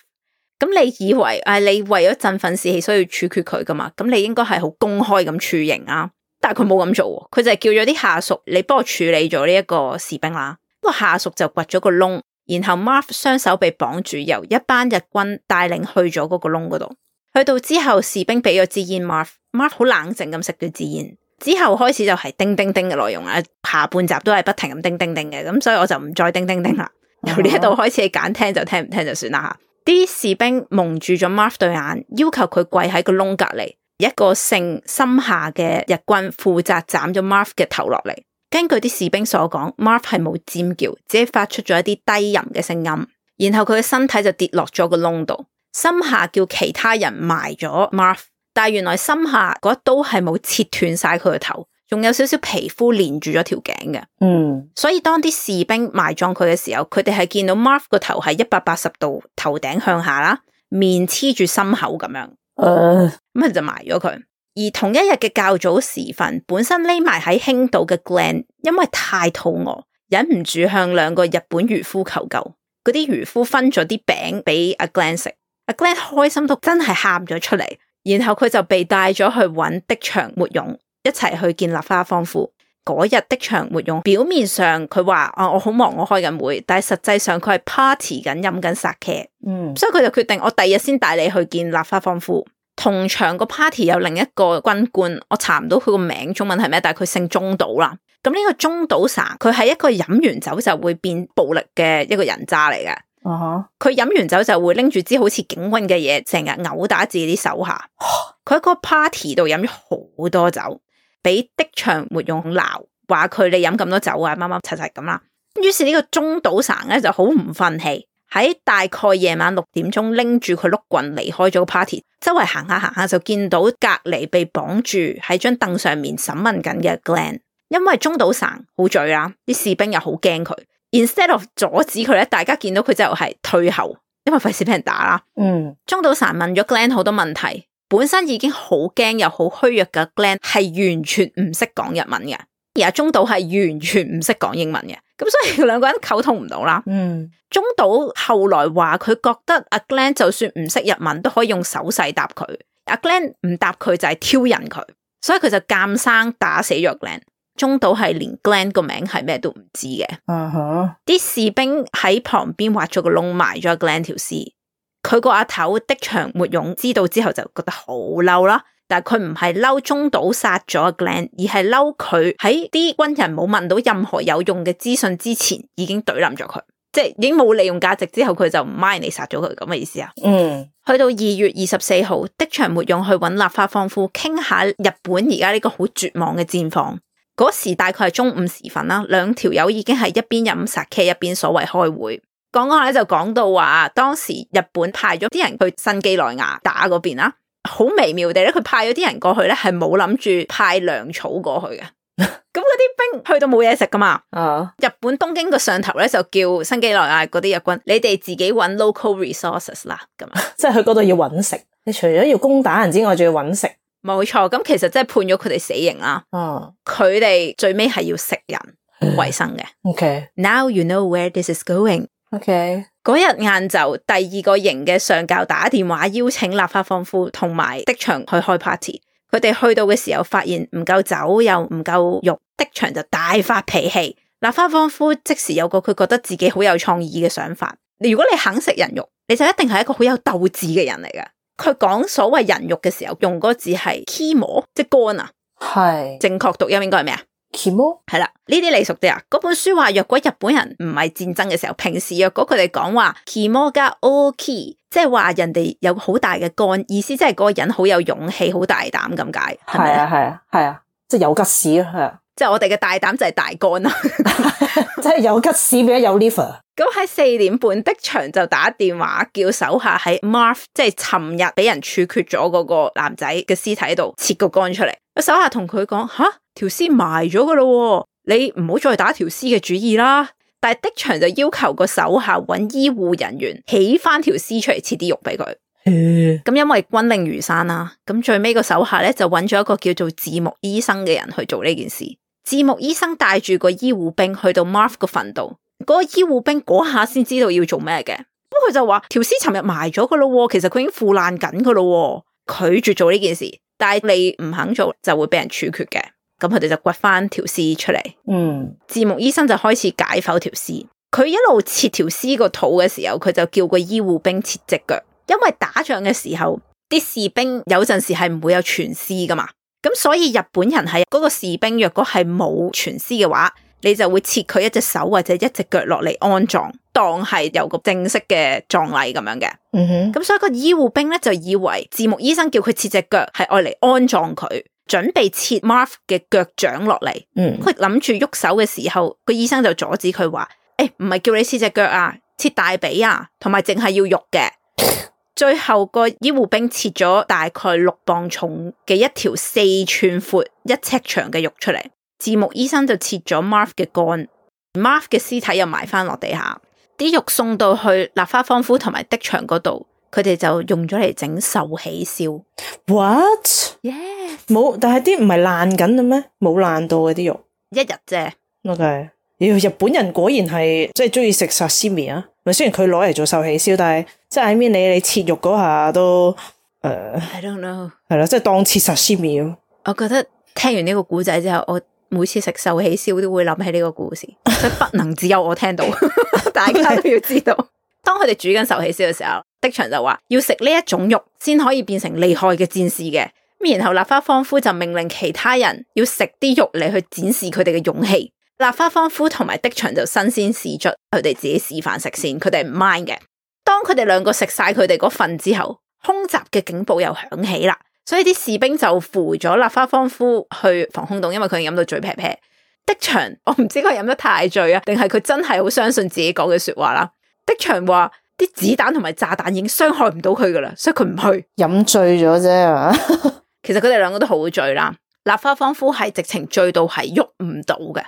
Speaker 2: 咁你以為誒、啊，你為咗振奮士氣，所以要處決佢噶嘛？咁你應該係好公開咁處刑啊！但係佢冇咁做，佢就係叫咗啲下屬，你幫我處理咗呢一個士兵啦、啊。個下屬就掘咗個窿，然後 Marv 雙手被綁住，由一班日軍帶領去咗嗰個窿嗰度。去到之後，士兵俾咗支煙，Marv Marv 好冷靜咁食咗支煙。之後開始就係叮叮叮嘅內容啦、啊，下半集都係不停咁叮叮叮嘅，咁所以我就唔再叮叮叮啦。由呢一度開始你揀聽就聽，唔聽就算啦吓、啊。啲士兵蒙住咗 Marve 對眼，要求佢跪喺個窿隔籬。一個姓森下嘅日軍負責斬咗 Marve 嘅頭落嚟。根據啲士兵所講，Marve 係冇尖叫，只係發出咗一啲低吟嘅聲音。然後佢嘅身體就跌落咗個窿度，森下叫其他人埋咗 Marve。但係原來森下嗰一刀係冇切斷晒佢個頭。仲有少少皮膚連住咗條頸嘅，嗯，所以當啲士兵埋葬佢嘅時候，佢哋係見到 Marv 個頭係一百八十度頭頂向下啦，面黐住心口咁樣，咁、呃、就埋咗佢。而同一日嘅較早時分，本身匿埋喺興島嘅 Glenn 因為太肚餓，忍唔住向兩個日本漁夫求救。嗰啲漁夫分咗啲餅俾阿 Glenn 食，阿、嗯、Glenn 開心到真係喊咗出嚟，然後佢就被帶咗去揾的場沒用。一齊去見立花芳夫嗰日的場活用。表面上佢話啊，我好忙，我開緊會，但係實際上佢係 party 緊飲緊殺茄，sake, 嗯，所以佢就決定我第二日先帶你去見立花芳夫。同場個 party 有另一個軍官，我查唔到佢個名，中文係咩？但係佢姓中島啦。咁、嗯、呢、這個中島 sir，佢係一個飲完酒就會變暴力嘅一個人渣嚟嘅。哦、啊哈，佢飲完酒就會拎住支好似警棍嘅嘢，成日毆打自己啲手下。佢、哦、喺個 party 度飲咗好多酒。俾的場沒用鬧，話佢你飲咁多酒啊，乜乜柒柒咁啦。於是呢個中島層咧就好唔忿氣，喺大概夜晚六點鐘拎住佢碌棍離開咗個 party，周圍行下行下就見到隔籬被綁住喺張凳上面審問緊嘅 Glenn。因為中島層好醉啦，啲士兵又好驚佢，instead of 阻止佢咧，大家見到佢之後係退後，因為費事俾人打啦。嗯，中島層問咗 Glenn 好多問題。本身已經好驚又好虛弱嘅 Glenn 係完全唔識講日文嘅，而阿中島係完全唔識講英文嘅，咁所以兩個人都溝通唔到啦。嗯，中島後來話佢覺得阿 Glenn 就算唔識日文都可以用手勢答佢，阿 Glenn 唔答佢就係挑釁佢，所以佢就鑑生打死咗 Glenn。中島係連 Glenn 個名係咩都唔知嘅。啲、嗯、士兵喺旁邊挖咗個窿埋咗 Glenn 條屍。佢個阿頭的場末勇知道之後就覺得好嬲啦，但係佢唔係嬲中島殺咗阿 Glenn，而係嬲佢喺啲軍人冇問到任何有用嘅資訊之前，已經懟冧咗佢，即係已經冇利用價值之後，佢就唔 mind 你殺咗佢咁嘅意思啊？嗯，去到二月二十四號，的場末勇去揾立花芳夫傾下日本而家呢個好絕望嘅戰況，嗰時大概係中午時分啦，兩條友已經係一邊飲 sake 一邊所謂開會。講講咧就講到話，當時日本派咗啲人去新畿內亞打嗰邊啦，好微妙地咧，佢派咗啲人過去咧係冇諗住派糧草過去嘅。咁嗰啲兵去到冇嘢食噶嘛？啊！Uh, 日本東京個上頭咧就叫新畿內亞嗰啲日軍，你哋自己搵 local resources 啦，咁啊， *laughs* 即係去嗰度要搵食。你除咗要攻打人之外，仲要搵食。冇錯， *laughs* 咁其實即係判咗佢哋死刑啦。哦，佢哋最尾係要食人為生嘅。Okay. Now you know where this is going。OK，嗰日晏晝，第二個型嘅上校打電話邀請立花芳夫同埋的場去開 party。佢哋去到嘅時候，發現唔夠酒又唔夠肉，的場就大發脾氣。立花芳夫即時有個佢覺得自己好有創意嘅想法。如果你肯食人肉，你就一定係一個好有鬥志嘅人嚟噶。佢講所謂人肉嘅時候，用嗰字係 kimo，即肝啊，係是正確讀音應該係咩啊？奇摩係啦，呢啲你熟啲啊！嗰本書話，若果日本人唔係戰爭嘅時候，平時若果佢哋講話奇摩加 o k 即係話人哋有好大嘅肝，意思即係嗰個人好有勇氣、好大膽咁解，係咪啊？係啊，係啊，即係有吉屎係啊！即係我哋嘅大膽就係大肝啦，
Speaker 1: 即係有吉屎面有 Liver。
Speaker 2: 咁喺四點半，的場就打電話叫手下喺 Marth 即係尋日俾人處決咗嗰個男仔嘅屍體度切個肝出嚟。個手下同佢講吓，條屍埋咗噶咯，你唔好再打條屍嘅主意啦。但係的場就要求個手下揾醫護人員起翻條屍出嚟切啲肉俾佢。咁因為軍令如山啦，咁最尾個手下咧就揾咗一個叫做寺木醫生嘅人去做呢件事。字木醫生帶住個醫護兵去到 Marv 個墳度，嗰個醫護兵嗰下先知道要做咩嘅。不過佢就話，條屍尋日埋咗噶咯，其實佢已經腐爛緊噶咯，拒絕做呢件事。但係你唔肯做，就會俾人處決嘅。咁佢哋就掘翻條屍出嚟。嗯，字木醫生就開始解剖條屍。佢一路切條屍個肚嘅時候，佢就叫個醫護兵切隻腳，因為打仗嘅時候，啲士兵有陣時係唔會有全屍噶嘛。咁所以日本人係嗰、那個士兵若果係冇全屍嘅話，你就會切佢一隻手或者一隻腳落嚟安葬，當係有個正式嘅葬禮咁樣嘅。嗯咁、mm hmm. 所以個醫護兵咧就以為字幕醫生叫佢切隻腳係愛嚟安葬佢，準備切 Marv 嘅腳掌落嚟。嗯，佢諗住喐手嘅時候，個醫生就阻止佢話，誒、欸，唔係叫你切隻腳啊，切大髀啊，同埋淨係要肉嘅。最後個醫護兵切咗大概六磅重嘅一條四寸闊一尺長嘅肉出嚟，字幕醫生就切咗 Marv 嘅肝，Marv 嘅屍體又埋翻落地下，啲肉送到去立花芳夫同埋的場嗰度，佢哋就用咗嚟整壽喜燒。What？Yeah，冇，但係啲唔係爛緊嘅咩？冇爛到嘅啲肉，一日啫。OK？
Speaker 1: 日本人果然係即係中意食沙西米啊？咪雖然佢攞嚟做壽喜燒，但係
Speaker 2: 即係喺面你你切肉嗰下都誒、呃、I don't know 係啦，即係當切 sashimi。我覺得聽完呢個故仔之後，我每次食壽喜燒都會諗起呢個故事，不能只有我聽到， *laughs* *laughs* 大家都要知道。 *laughs* *laughs* 當佢哋煮緊壽喜燒嘅時候，的場就話要食呢一種肉先可以變成厲害嘅戰士嘅。然後立花芳夫就命令其他人要食啲肉嚟去展示佢哋嘅勇氣。立花芳夫同埋的場就新鮮試卒，佢哋自己示範食先，佢哋唔 mind 嘅。當佢哋兩個食晒佢哋嗰份之後，空襲嘅警報又響起啦，所以啲士兵就扶咗立花芳夫去防空洞，因為佢飲到巴巴 *laughs* 醉劈劈。的場，我唔知佢飲得太醉啊，定係佢真係好相信自己講嘅說話啦。的場話啲子彈同埋炸彈已經傷害唔到佢噶啦，所以佢唔去
Speaker 1: 飲醉咗啫。
Speaker 2: 其實佢哋兩個都好醉啦。立花芳夫係直情醉到係喐唔到嘅。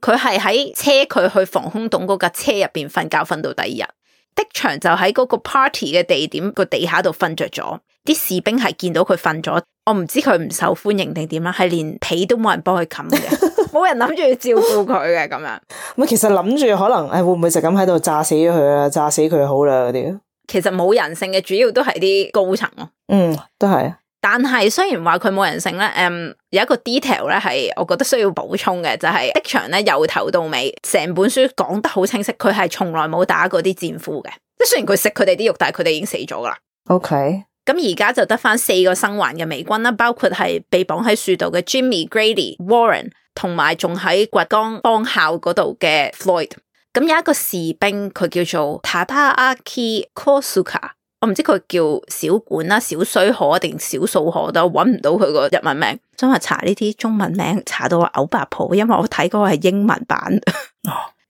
Speaker 2: 佢係喺車佢去防空洞嗰架車入邊瞓覺，瞓到第二日，的場就喺嗰個 party 嘅地點個地下度瞓着咗。啲士兵係見到佢瞓咗，我唔知佢唔受歡迎定點樣，係連被都冇人幫佢冚嘅，冇 *laughs* 人諗住要照顧佢嘅咁樣。
Speaker 1: 咪其實諗住可能誒，會唔會就咁喺度炸死咗佢啊？炸死佢好啦嗰啲。
Speaker 2: 其實冇人性嘅，主要都係啲高層咯。嗯，
Speaker 1: 都係。
Speaker 2: 但係雖然話佢冇人性咧，嗯、um, 有一個 detail 咧係我覺得需要補充嘅，就係、是、的場咧由頭到尾，成本書講得好清晰，佢係從來冇打過啲戰俘嘅，即係雖然佢食佢哋啲肉，但係佢哋已經死咗噶啦。OK，咁而家就得返四個生還嘅美軍啦，包括係被綁喺樹度嘅 Jimmy Grady Warren，同埋仲喺掘江幫校嗰度嘅 Floyd，咁有一個士兵佢叫做 Tataaki Kosuka。我唔知佢叫小管啦、小水河定小數河都，搵唔到佢個日文名，想話查呢啲中文名，查到我牛白普，因為我睇嗰個係英文版。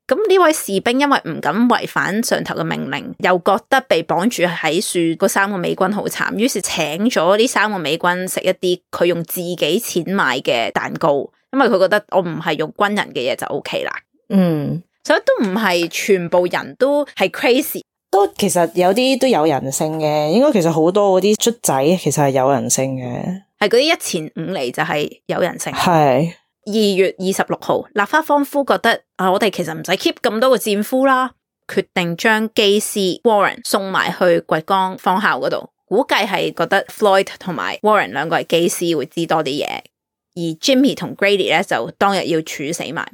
Speaker 2: 咁 *laughs* 呢、哦、位士兵因為唔敢違反上頭嘅命令，又覺得被綁住喺樹嗰三個美軍好慘，於是請咗呢三個美軍食一啲佢用自己錢買嘅蛋糕，因為佢覺得我唔係用軍人嘅嘢就 O K 啦。嗯，所以都唔係全部人都係 crazy。都其實有啲都
Speaker 1: 有人性嘅，應該其實好多嗰啲卒仔其實係有人性嘅，
Speaker 2: 係嗰啲一前五嚟就係有人性。係二是月二十六號，立花方夫覺得啊，我哋其實唔使 keep 咁多個戰俘啦，決定將機師 Warren 送埋去堀江方校嗰度，估計係覺得 Floyd 同埋 Warren 兩個係機師會知多啲嘢，而 Jimmy 同 Grady 咧就當日要處死埋。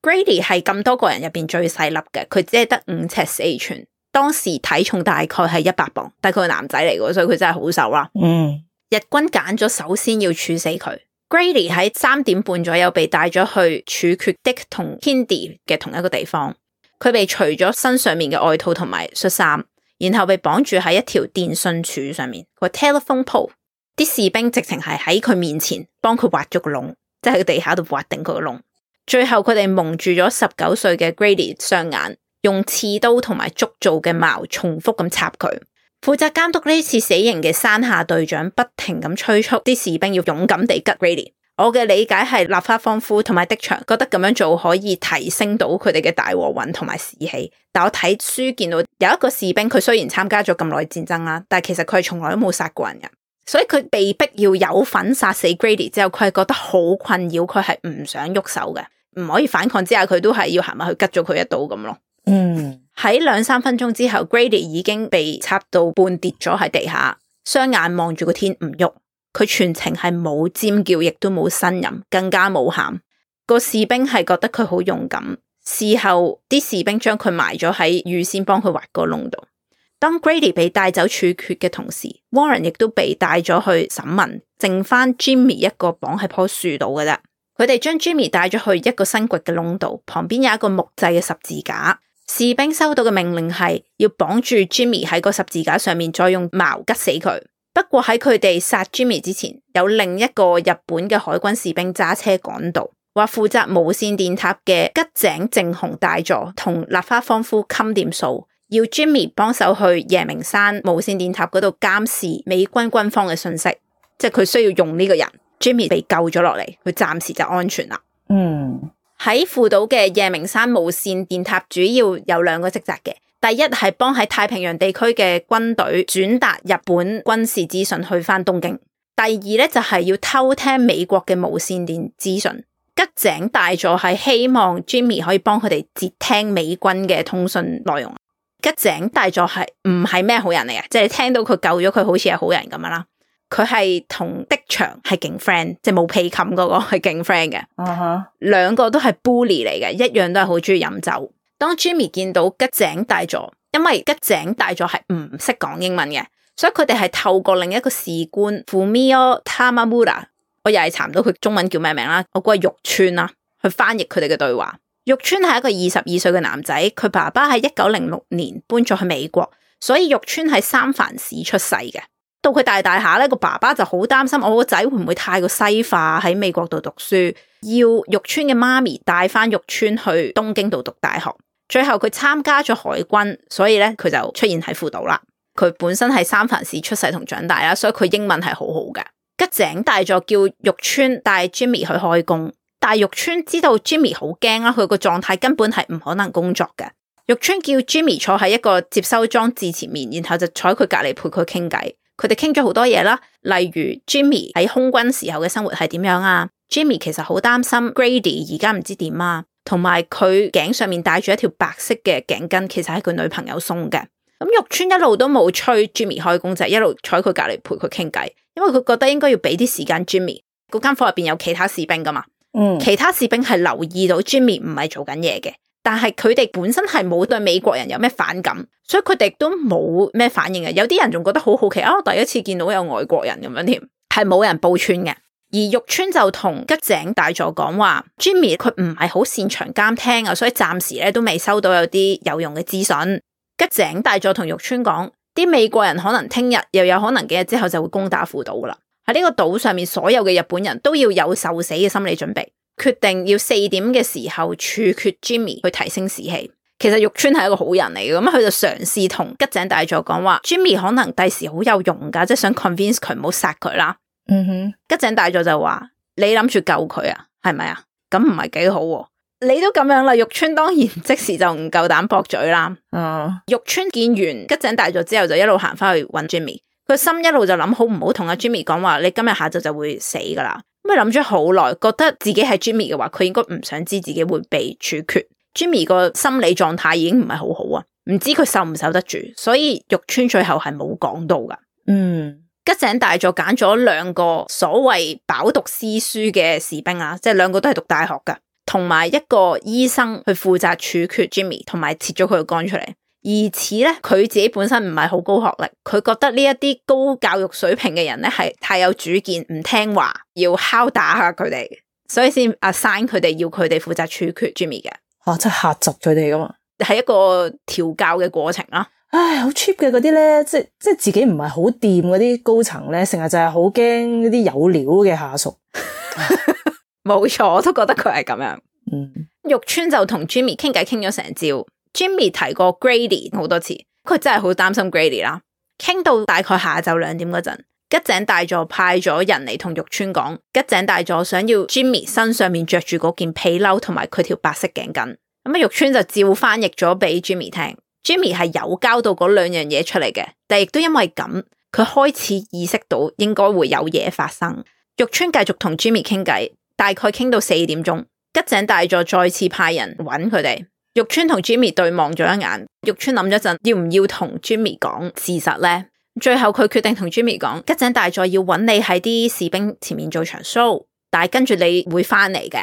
Speaker 2: Grady 係咁多個人入邊最細粒嘅，佢只係得五尺四寸。當時體重大概係一百磅，但係佢係男仔嚟嘅，所以佢真係好瘦啦、啊。Mm. 日軍揀咗首先要處死佢。Grady 喺三點半左右被帶咗去處決 Dick 同 Kendy 嘅同一個地方，佢被除咗身上面嘅外套同埋恤衫，然後被綁住喺一條電信柱上面個 telephone pole，啲士兵直情係喺佢面前幫佢挖咗個窿，即係喺地下度挖定佢個窿。最後佢哋蒙住咗十九歲嘅 Grady 雙眼。用刺刀同埋竹做嘅矛重複咁插佢。負責監督呢次死刑嘅山下隊長不停咁催促啲士兵要勇敢地拮 Grady。我嘅理解係立花方夫同埋的場覺得咁樣做可以提升到佢哋嘅大和魂同埋士氣。但我睇書見到有一個士兵佢雖然參加咗咁耐戰爭啦，但係其實佢係從來都冇殺過人嘅，所以佢被逼要有份殺死 Grady 之後，佢係覺得好困擾，佢係唔想喐手嘅，唔可以反抗之下，佢都係要行埋去拮咗佢一刀咁咯。嗯，喺 *noise* *noise* 兩三分鐘之後，Grady 已經被插到半跌咗喺地下，雙眼望住個天唔喐。佢全程係冇尖叫，亦都冇呻吟，更加冇喊。個士兵係覺得佢好勇敢。事後啲士兵將佢埋咗喺預先幫佢挖個窿度。當 Grady 被帶走處決嘅同時，Warren 亦都被帶咗去審問，剩翻 Jimmy 一個綁喺樖樹度㗎喇。佢哋將 Jimmy 帶咗去一個新掘嘅窿度，旁邊有一個木製嘅十字架。士兵收到嘅命令係要綁住 Jimmy 喺個十字架上面，再用矛拮死佢。不過喺佢哋殺 Jimmy 之前，有另一個日本嘅海軍士兵揸車趕到，話負責無線電塔嘅吉井正雄大佐同立花芳夫傾掂數，要 Jimmy 幫手去夜明山無線電塔嗰度監視美軍軍方嘅信息，即係佢需要用呢個人。Jimmy 被救咗落嚟，佢暫時就安全啦。嗯。喺父島嘅夜明山無線電塔主要有兩個職責嘅，第一係幫喺太平洋地區嘅軍隊轉達日本軍事資訊去返東京，第二咧就係要偷聽美國嘅無線電資訊。吉井大佐係希望 Jimmy 可以幫佢哋接聽美軍嘅通訊內容。吉井大佐係唔係咩好人嚟嘅，即係聽到佢救咗佢，好似係好人咁樣啦。佢係同的場係勁 friend，即係冇被冚嗰、那個係勁 friend 嘅。兩、uh huh. 個都係 bully 嚟嘅，一樣都係好中意飲酒。當 Jimmy 見到吉井大佐，因為吉井大佐係唔識講英文嘅，所以佢哋係透過另一個士官 Fu、um、Mio Tamamura，我又係查唔到佢中文叫咩名啦，我估係玉川啦、啊，去翻譯佢哋嘅對話。玉川係一個二十二歲嘅男仔，佢爸爸喺一九零六年搬咗去美國，所以玉川喺三藩市出世嘅。到佢大大下咧，個爸爸就好擔心，我個仔會唔會太過西化喺美國度讀書？要玉川嘅媽咪帶翻玉川去東京度讀大學。最後佢參加咗海軍，所以咧佢就出現喺父島啦。佢本身係三藩市出世同長大啦，所以佢英文係好好噶。吉井大佐叫玉川帶 Jimmy 去開工，但玉川知道 Jimmy 好驚啦，佢個狀態根本係唔可能工作嘅。玉川叫 Jimmy 坐喺一個接收裝置前面，然後就坐佢隔籬陪佢傾偈。佢哋傾咗好多嘢啦，例如 Jimmy 喺空軍時候嘅生活係點樣啊？Jimmy 其實好擔心 Grady 而家唔知點啊，同埋佢頸上面戴住一條白色嘅頸巾，其實係佢女朋友送嘅。咁玉川一路都冇催 Jimmy 開工就一路坐佢隔籬陪佢傾偈，因為佢覺得應該要俾啲時間 Jimmy。嗰間房入邊有其他士兵噶嘛？嗯，其他士兵係留意到 Jimmy 唔係做緊嘢嘅。但係佢哋本身係冇對美國人有咩反感，所以佢哋都冇咩反應嘅。有啲人仲覺得好好奇啊，我第一次見到有外國人咁樣添，係冇人報穿嘅。而玉川就同吉井大佐講話，Jimmy 佢唔係好擅長監聽啊，所以暫時咧都未收到有啲有用嘅資訊。吉井大佐同玉川講，啲美國人可能聽日又有可能幾日之後就會攻打父島噶啦，喺呢個島上面所有嘅日本人都要有受死嘅心理準備。決定要四點嘅時候處決 Jimmy 去提升士氣，其實玉川係一個好人嚟嘅咁佢就嘗試同吉井大佐講話，Jimmy 可能第時好有用噶，即係想 convince 佢唔好殺佢啦。嗯哼、mm，hmm. 吉井大佐就話：你諗住救佢啊，係咪啊？咁唔係幾好、啊，你都咁樣啦。玉川當然即時就唔夠膽駁嘴啦。嗯、mm，hmm. 玉川見完吉井大佐之後就一路行翻去揾 Jimmy，佢心一路就諗好唔好同阿 Jimmy 講話，你今日下晝就會死噶啦。因為諗咗好耐，覺得自己係 Jimmy 嘅話，佢應該唔想知自己會被處決。Jimmy 個心理狀態已經唔係好好啊，唔知佢受唔受得住，所以玉川最後係冇講到噶。嗯，吉井大佐揀咗兩個所謂飽讀詩書嘅士兵啊，即係兩個都係讀大學噶，同埋一個醫生去負責處決 Jimmy，同埋切咗佢個肝出嚟。而此咧，佢自己本身唔係好高學歷，佢覺得呢一啲高教育水平嘅人咧，係太有主見，唔聽話，要敲打下佢哋，所以先 assign 佢哋要佢哋負責處決 Jimmy 嘅。吓、啊啊啊，即係吓窒佢哋噶嘛？係一個調教嘅過程囉。
Speaker 1: 唉，好 cheap 嘅嗰啲咧，即係即係自己唔係好掂嗰啲高層咧，成日就係好驚嗰啲有料嘅下屬。
Speaker 2: 冇 *laughs* 錯， *laughs* *laughs* 我都覺得佢係咁樣。嗯，玉川就同 Jimmy 傾偈傾咗成朝。Jimmy 提過 Grady 好多次，佢真係好擔心 Grady 啦。傾到大概下晝兩點嗰陣，吉井大佐派咗人嚟同玉川講，吉井大佐想要 Jimmy 身上面着住嗰件皮褸同埋佢條白色頸巾，玉川就照翻譯咗俾 Jimmy 聽。Jimmy 係有交到嗰兩樣嘢出嚟嘅，但亦都因為咁，佢開始意識到應該會有嘢發生。玉川繼續同 Jimmy 傾偈，大概傾到四點鐘，吉井大佐再次派人揾佢哋。玉川同 Jimmy 對望咗一眼，玉川諗咗陣，要唔要同 Jimmy 講事實咧？最後佢決定同 Jimmy 講，吉井大佐要揾你喺啲士兵前面做場 show，但係跟住你會翻嚟嘅。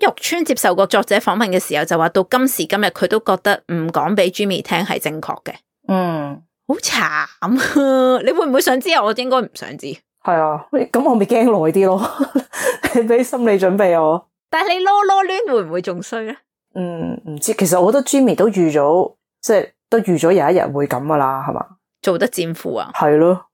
Speaker 2: 玉川接受過作者訪問嘅時候就話，到今時今日佢都覺得唔講俾 Jimmy 聽係正確嘅。嗯，好慘，啊，你會唔會想知？我應該唔想知。係啊，
Speaker 1: 咁我咪驚耐啲咯，俾 *laughs* 心理準備我，
Speaker 2: 啊。但係你囉囉攣會唔會仲衰咧？
Speaker 1: 嗯，唔知，其實我覺得 Jimmy 都預咗，即係都預咗有一日會咁噶啦，係嘛？做得戰俘啊？係咯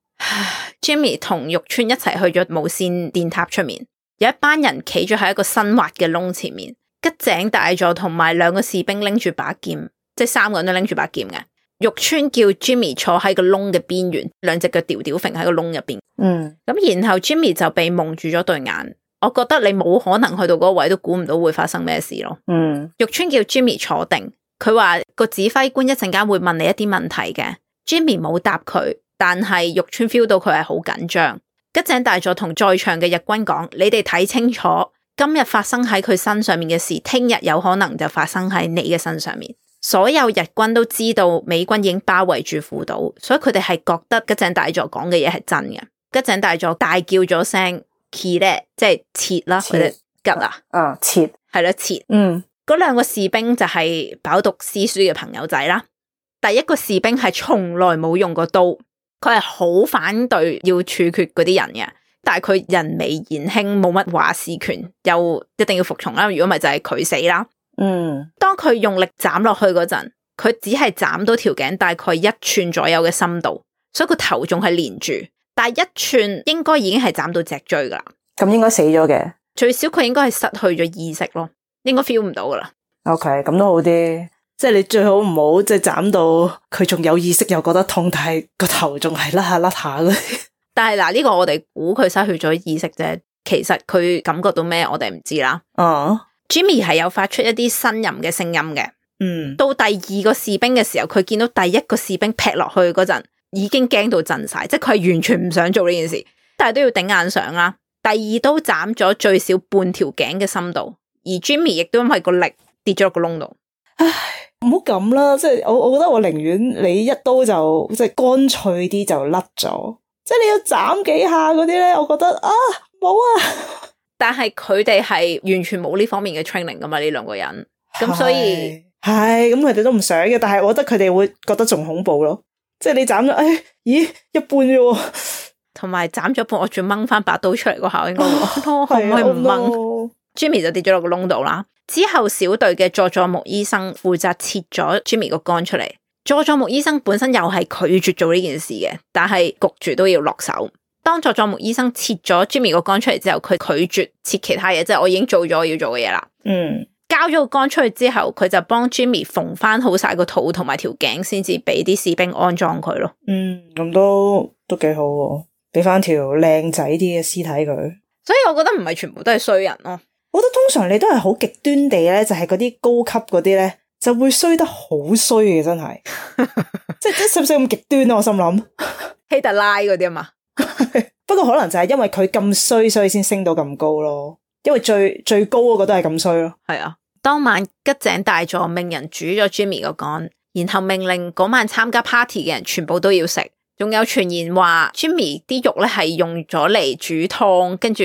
Speaker 2: ，Jimmy 同玉川一齊去咗無線電塔出面，有一班人企咗喺一個新挖嘅窿前面，吉井大佐同埋兩個士兵拎住把劍，即係三個人都拎住把劍嘅。玉川叫 Jimmy 坐喺個窿嘅邊緣，兩隻腳吊吊揈喺個窿入邊。嗯，咁然後 Jimmy 就被蒙住咗對眼。我覺得你冇可能去到嗰個位都估唔到會發生咩事咯。嗯，玉川叫 Jimmy 坐定，佢話個指揮官一陣間會問你一啲問題嘅。Jimmy 冇答佢，但係玉川 feel 到佢係好緊張。吉井大佐同在場嘅日軍講：你哋睇清楚今日發生喺佢身上面嘅事，聽日有可能就發生喺你嘅身上面。所有日軍都知道美軍已經包圍住父島，所以佢哋係覺得吉井大佐講嘅嘢係真嘅。吉井大佐大叫咗聲。切咧，即係切啦，佢哋割啊，切係咯，切。嗯，嗰兩個士兵就係飽讀詩書嘅朋友仔啦。第一個士兵係從來冇用過刀，佢係好反對要處決嗰啲人嘅，但係佢人微言輕，冇乜話事權，又一定要服從啦。如果唔係就係佢死啦。嗯，當佢用力斬落去嗰陣，佢只係斬到條頸大概一寸左右嘅深度，所以個頭仲係連住。但一寸應該已經係斬到脊椎噶啦，
Speaker 1: 咁應該死咗嘅，
Speaker 2: 最少佢應該係失去咗意識咯，應該 feel 唔到噶啦。
Speaker 1: OK，咁都好啲，即係你最好唔好即係斬到佢仲有意識又覺得痛，但係個頭仲係甩下甩下 *laughs*
Speaker 2: 但係嗱呢個我哋估佢失去咗意識啫，其實佢感覺到咩我哋唔知啦。哦、
Speaker 1: uh huh.，Jimmy
Speaker 2: 係有發出一啲呻吟嘅聲音嘅。嗯、uh huh. 到第二個士兵嘅時候，佢見到第一個士兵劈落去嗰陣。已經驚到震晒，即係佢係完全唔想做呢件事，但係都要頂硬上啦。第二刀斬咗最少半條頸嘅深度，而 Jimmy 亦都因為個力跌咗落個窿度。唉，
Speaker 1: 唔好咁啦，即係我我覺得我寧願你一刀就即係乾脆啲就甩咗，
Speaker 2: 即係你要斬幾下嗰啲咧，我覺得啊冇啊。啊但係佢哋係完全冇呢方面嘅 training 噶嘛，呢兩個人咁，所以
Speaker 1: 係咁，佢哋都唔想嘅，但係我覺得佢哋會覺得仲恐怖咯。即係你斬咗，誒、哎，咦，
Speaker 2: 一半啫，同埋斬咗一半，我仲掹翻把刀出嚟嗰下，我應該唔係唔掹。Jimmy 就跌咗落個窿度啦。之後小隊嘅佐佐木醫生負責切咗 Jimmy 個肝出嚟。佐佐木醫生本身又係拒絕做呢件事嘅，但係焗住都要落手。當佐佐木醫生切咗 Jimmy 個肝出嚟之後，佢拒絕切其他嘢，即係我已經做咗要做嘅嘢啦。嗯。Mm. 交咗個肝出去之後，佢就幫 Jimmy 縫翻好晒個肚同埋條頸，先至俾啲士兵安葬佢咯。
Speaker 1: 嗯，咁都都幾好喎，俾翻條靚仔啲嘅屍體佢。
Speaker 2: 所以我覺得唔係全部都係衰人咯。我
Speaker 1: 覺得通常你都係好極端地咧，就係嗰啲高級嗰啲咧就會衰得好衰嘅，真係。即係使唔使咁極端啊？我心諗
Speaker 2: 希特拉嗰啲啊嘛。
Speaker 1: 不 *laughs* 過、 *laughs* hey, *laughs* 可能就係因為佢咁衰，所以先升到咁高咯。因為最最高嗰個都係咁衰咯。
Speaker 2: 係啊。當晚吉井大佐命人煮咗 Jimmy 個肝，然後命令嗰晚參加 party 嘅人全部都要食。仲有傳言話 Jimmy 啲肉咧係用咗嚟煮湯，跟住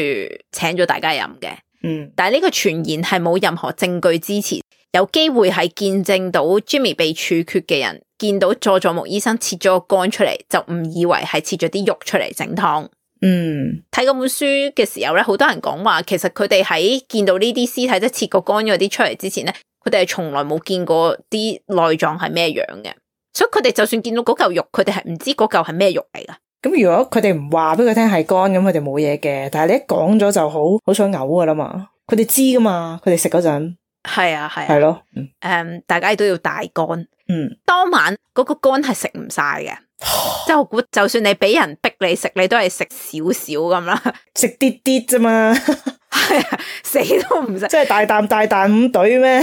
Speaker 2: 請咗大家飲嘅。嗯，但係呢個傳言係冇任何證據支持，有機會係見證到 Jimmy 被處決嘅人見到佐佐木醫生切咗個肝出嚟，就誤以為係切咗啲肉出嚟整湯。嗯，睇嗰本書嘅時候咧，好多人講話，其實佢哋喺見到呢啲屍體即係切個肝嗰啲出嚟之前咧，佢哋係從來冇見過啲內臟係咩樣嘅，所以佢哋就算見到嗰嚿肉，佢哋係唔知嗰嚿係咩肉嚟噶。
Speaker 1: 咁如果佢哋唔話俾佢聽係肝，咁佢哋冇嘢嘅。但係你一講咗就好，好想嘔噶啦嘛，
Speaker 2: 佢哋知噶嘛，佢哋食嗰陣係啊係係咯，啊、的嗯，誒，um, 大家亦都要大肝，嗯，當晚嗰、嗰個肝係食唔晒嘅。即係我估，就算你俾人逼你食，你都係食少少咁啦，食啲啲啫嘛，係啊，死都唔食，即係大啖大啖五懟咩？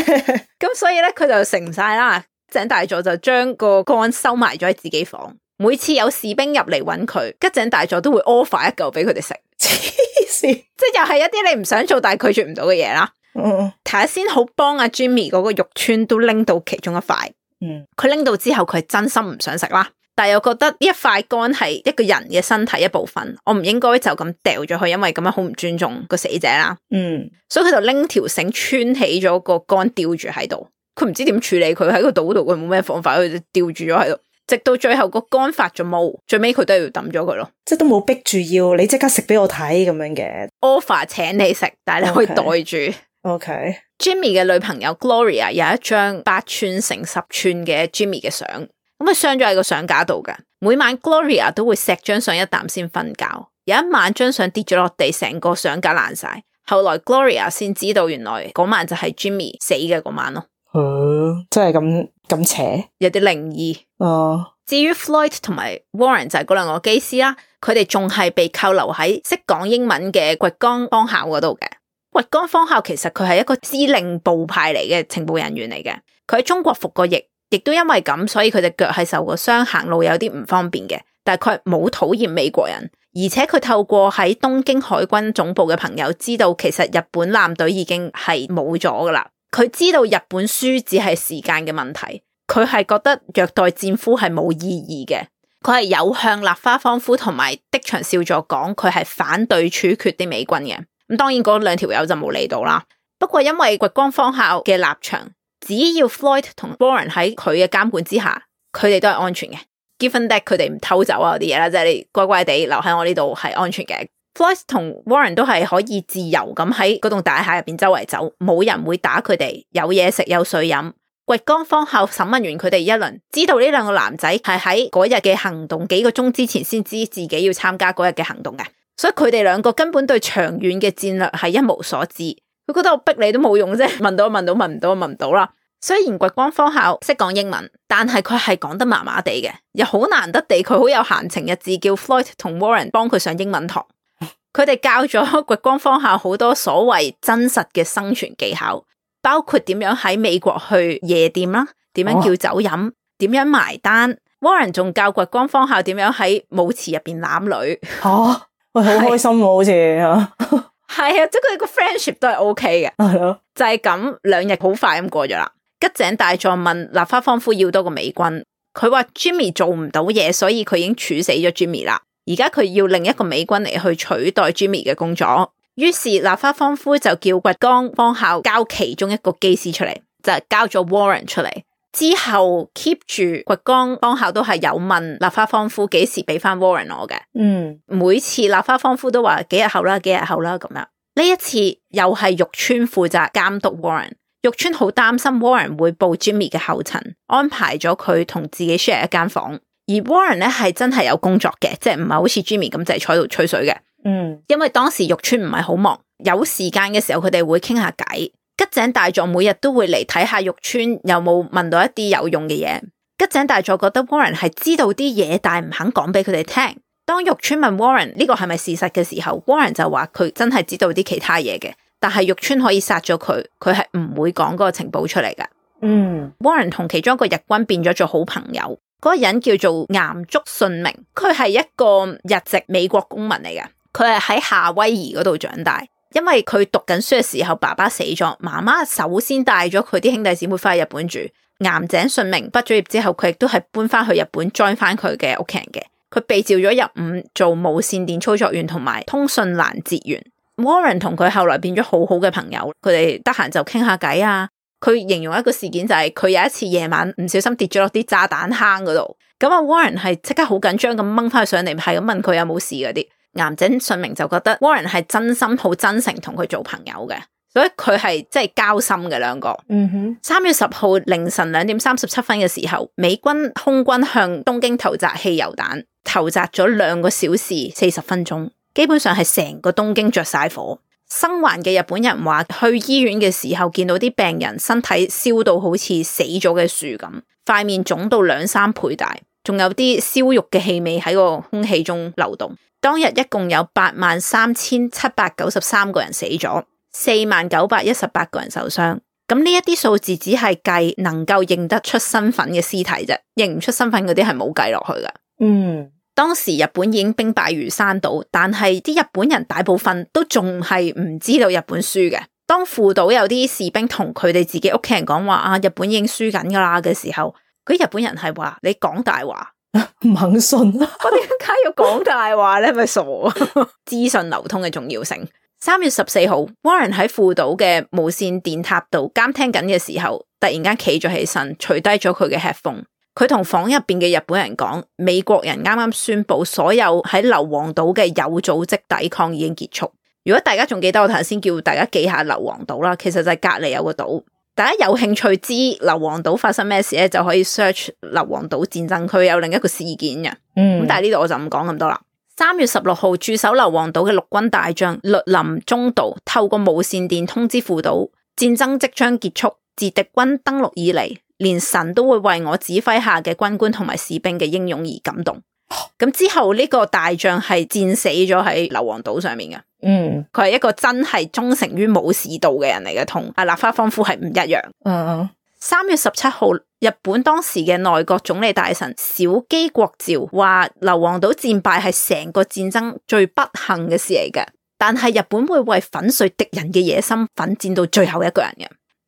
Speaker 2: 咁所以咧，佢就成晒啦。吉井大佐就將個肝收埋咗喺自己房，每次有士兵入嚟揾佢，吉井大佐都會 offer 一嚿俾佢哋食。黐線，即係又係一啲你唔想做但係拒絕唔到嘅嘢啦。嗯、哦，睇下先，好幫阿、啊、Jimmy 嗰個肉串都拎到其中一塊。嗯，佢拎到之後，佢係真心唔想食啦。但又覺得一塊肝係一個人嘅身體一部分，我唔應該就咁掉咗佢，因為咁樣好唔尊重個死者啦。嗯，所以佢就拎條繩穿起咗個肝吊住喺度，佢唔知點處理佢喺個島度，佢冇咩方法，佢就吊住咗喺度，直到最後個肝發咗毛，最尾佢都要抌咗佢咯。
Speaker 1: 即係都冇逼住要你即刻食俾我睇咁樣嘅
Speaker 2: offer，請你食，但係你可以袋住。OK，Jimmy Okay. Okay. 嘅女朋友 Gloria 有一張八寸乘十寸嘅 Jimmy 嘅相。咁啊，傷咗喺個相架度噶。每晚 Gloria 都會錫張相一啖先瞓覺。有一晚張相跌咗落地，成個相架爛晒。後來 Gloria 先知道原來嗰晚就係 Jimmy 死嘅嗰晚咯。
Speaker 1: 哦，真係咁咁邪，
Speaker 2: 有啲靈異啊。哦，至於 Floyd 同埋 Warren 就係嗰兩個機師啦，佢哋仲係被扣留喺識講英文嘅掘江方校嗰度嘅。掘江方校其實佢係一個司令部派嚟嘅情報人員嚟嘅，佢喺中國服過役。亦都因為咁，所以佢隻腳係受過傷，行路有啲唔方便嘅。但係佢冇討厭美國人，而且佢透過喺東京海軍總部嘅朋友知道，其實日本艦隊已經係冇咗噶啦。佢知道日本輸只係時間嘅問題，佢係覺得虐待戰俘係冇意義嘅。佢係有向立花芳夫同埋的場少佐講，佢係反對處決啲美軍嘅。咁當然，嗰兩條友就冇嚟到啦。不過因為堀江芳孝嘅立場。只要 Floyd 同 Warren 喺佢嘅監管之下，佢哋都係安全嘅。Given that 佢哋唔偷走啊我啲嘢啦，即係你乖乖地留喺我呢度係安全嘅。Floyd 同 Warren 都係可以自由咁喺嗰棟大廈入邊周圍走，冇人會打佢哋，有嘢食，有水飲。掘江方後審問完佢哋一輪，知道呢兩個男仔係喺嗰日嘅行動幾個鐘之前先知自己要參加嗰日嘅行動嘅，所以佢哋兩個根本對長遠嘅戰略係一無所知。佢覺得我逼你都冇用啫，問到問到問唔到，問唔到啦。雖然掘光方校識講英文，但係佢係講得麻麻地嘅，又好難得地佢好有閒情逸致叫 Floyd 同 Warren 幫佢上英文堂。佢哋 *laughs* 教咗掘光方校好多所謂真實嘅生存技巧，包括點樣喺美國去夜店啦，點樣叫酒飲，點樣、哦、埋單。Warren 仲教掘光方校點樣喺舞池入邊攬女。哦，喂，好開心啊，好似啊！ *laughs* 係啊，即係佢哋個 friendship 都係 OK 嘅，oh, yeah. 就係咁兩日好快咁過咗啦。吉井大佐問立花芳夫要多個美軍，佢話 Jimmy 做唔到嘢，所以佢已經處死咗 Jimmy 啦。而家佢要另一個美軍嚟去取代 Jimmy 嘅工作，於是立花芳夫就叫掘江方孝交其中一個機師出嚟，就係、是、交咗 Warren 出嚟。之後 keep 住掘江江校都係有問立花芳夫幾時俾翻 Warren 我嘅，
Speaker 1: 嗯，
Speaker 2: 每次立花芳夫都話幾日後啦，幾日後啦咁樣。呢一次又係玉川負責監督 Warren，玉川好擔心 Warren 會步 Jimmy 嘅後塵，安排咗佢同自己 share 一間房。而 Warren 咧係真係有工作嘅，即係唔係好似 Jimmy 咁就係、是、坐喺度吹水嘅，嗯，因為當時玉川唔係好忙，有時間嘅時候佢哋會傾下偈。吉井大佐每日都會嚟睇下玉川有冇問到一啲有用嘅嘢。吉井大佐覺得 Warren 係知道啲嘢，但係唔肯講俾佢哋聽。當玉川問 Warren 呢個係咪事實嘅時候，Warren 就話佢真係知道啲其他嘢嘅，但係玉川可以殺咗佢，佢係唔會講嗰個情報出嚟㗎。嗯、mm.，Warren 同其中一個日軍變咗做好朋友，嗰、那個人叫做岩竹信明，佢係一個日籍美國公民嚟嘅，佢係喺夏威夷嗰度長大。因為佢讀緊書嘅時候，爸爸死咗，媽媽首先帶咗佢啲兄弟姊妹翻去日本住。岩井信明畢咗業之後，佢亦都係搬翻去日本 join 翻佢嘅屋企人嘅。佢被召咗入伍做無線電操作員同埋通訊攔截員。Warren 同佢後來變咗好好嘅朋友，佢哋得閒就傾下偈啊。佢形容一個事件就係佢有一次夜晚唔小心跌咗落啲炸彈坑嗰度，咁啊 Warren 係即刻好緊張咁掹翻上嚟，係咁問佢有冇事嗰啲。癌症信明就覺得 Warren 係真心好真誠同佢做朋友嘅，所以佢係即係交心嘅兩個。嗯哼、mm。hmm。三月十號凌晨兩點三十七分嘅時候，美軍空軍向東京投擲汽油彈，投擲咗兩個小時四十分鐘，基本上係成個東京着晒火。生還嘅日本人話，去醫院嘅時候見到啲病人身體燒到好似死咗嘅樹咁，塊面腫到兩三倍大。仲有啲燒肉嘅氣味喺個空氣中流動。當日一共有八萬三千七百九十三個人死咗，四萬九百一十八個人受傷。咁呢一啲數字只係計能夠認得出身份嘅屍體啫，認唔出身份嗰啲係冇計落去噶。嗯，當時日本已經兵敗如山倒，但係啲日本人大部分都仲係唔知道日本輸嘅。當父島有啲士兵同佢哋自己屋企人講話啊，日本已經輸緊噶啦嘅時候。佢日本人係話你講大話，
Speaker 1: 唔肯信。 *laughs* 我
Speaker 2: 點解要講大話咧？係咪傻啊！資 *laughs* 訊流通嘅重要性。三月十四號，Warren 喺富島嘅無線電塔度監聽緊嘅時候，突然間企咗起身，除低咗佢嘅 headphone。佢同房入邊嘅日本人講，美國人啱啱宣布，所有喺硫磺島嘅有組織抵抗已經結束。如果大家仲記得我頭先叫大家記下硫磺島啦，其實就係隔籬有個島。大家有興趣知硫磺島發生咩事咧，就可以 search 硫磺島戰爭區有另一個事件嘅。咁但係呢度我就唔講咁多啦。三月十六號，駐守硫磺島嘅陸軍大將栗林忠道透過無線電通知父島，戰爭即將結束。自敵軍登陸以嚟，連神都會為我指揮下嘅軍官同埋士兵嘅英勇而感動。咁、哦、之後呢個大將係戰死咗喺硫磺島上面嘅，嗯，佢係一個真係忠誠於武士道嘅人嚟嘅，同阿立花芳夫係唔一樣。
Speaker 1: 嗯，
Speaker 2: 三月十七號，日本當時嘅內閣總理大臣小磯國昭話：硫磺島戰敗係成個戰爭最不幸嘅事嚟嘅，但係日本會為粉碎敵人嘅野心奮戰到最後一個人嘅，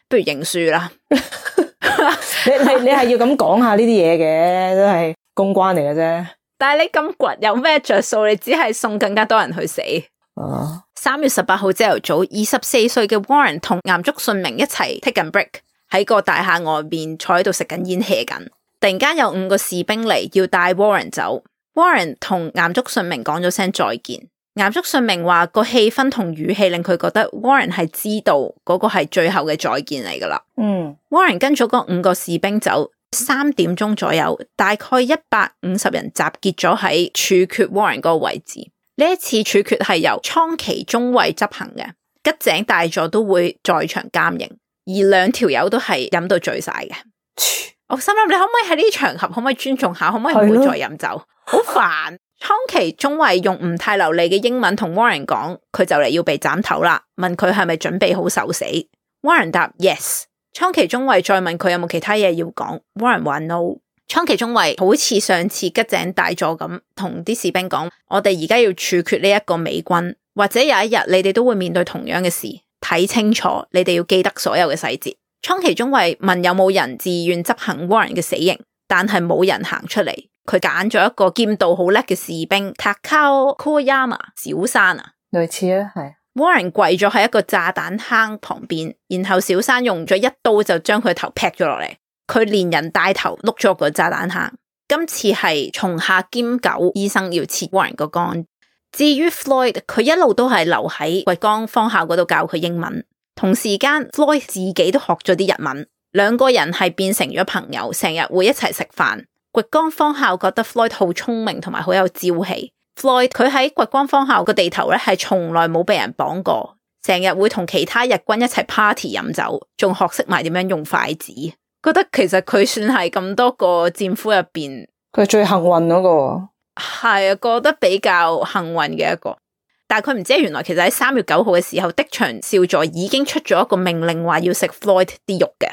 Speaker 2: 不如認輸啦 *laughs*
Speaker 1: *laughs* 你你你係要咁講下呢啲嘢嘅，都係公關嚟嘅啫。
Speaker 2: 但你咁倔有咩着數？你只係送更加多人去死。三、啊、月十八號朝頭早，二十四歲嘅 Warren 同岩竹信明一齊踢緊 brick 喺個大廈外面坐喺度食緊煙 h e 緊。突然間有五個士兵嚟，要帶 War Warren 走，Warren 同岩竹信明講咗聲再見。岩竹信明話個氣氛同語氣令佢覺得 Warren 係知道嗰、那個係最後嘅再見嚟噶啦。嗯，Warren 跟咗嗰五個士兵走。三點鐘左右，大概一百五十人集結咗喺處決 Warren 個位置。呢一次處決係由倉崎中衛執行嘅，吉井大佐都會在場監刑，而兩條友都係飲到醉晒嘅。我、 *laughs* oh, 心諗你可唔可以喺呢啲場合，可唔可以尊重下，可唔可以唔會再飲酒？好煩！ *laughs* 倉崎中衛用唔太流利嘅英文同 Warren 講，佢就嚟要被斬頭啦，問佢係咪準備好受死。Warren 答：Yes。倉崎中尉再問佢有冇其他嘢要講，Warren 話 no。倉崎中尉好似上次吉井大佐咁，同啲士兵講：我哋而家要處決呢一個美軍，或者有一日你哋都會面對同樣嘅事，睇清楚，你哋要記得所有嘅細節。倉崎中尉問有冇人自願執行 Warren 嘅死刑，但係冇人行出嚟，佢揀咗一個劍道好叻嘅士兵，塔卡奧 Koyama 小山啊，
Speaker 1: 類似咧係
Speaker 2: Warren 跪咗喺一個炸彈坑旁邊，然後小山用咗一刀就將佢頭劈咗落嚟，佢連人帶頭碌咗落個炸彈坑。今次係從下兼九醫生要切 Warren 個肝。至於 Floyd，佢一路都係留喺掘江方校嗰度教佢英文，同時間 Floyd 自己都學咗啲日文。兩個人係變成咗朋友，成日會一齊食飯。掘江方校覺得 Floyd 好聰明，同埋好有朝氣。Floyd，佢喺掘光方校個地頭咧，係從來冇被人綁過，成日會同其他日軍一齊 party 飲酒，仲學識埋點樣用筷子。覺得其實佢算係咁多個戰俘入邊，佢最幸運嗰個。係啊，覺得比較幸運嘅一個。但係佢唔知，原來其實喺三月九號嘅時候，的場少佐已經出咗一個命令的的，話要食 Floyd 啲肉嘅。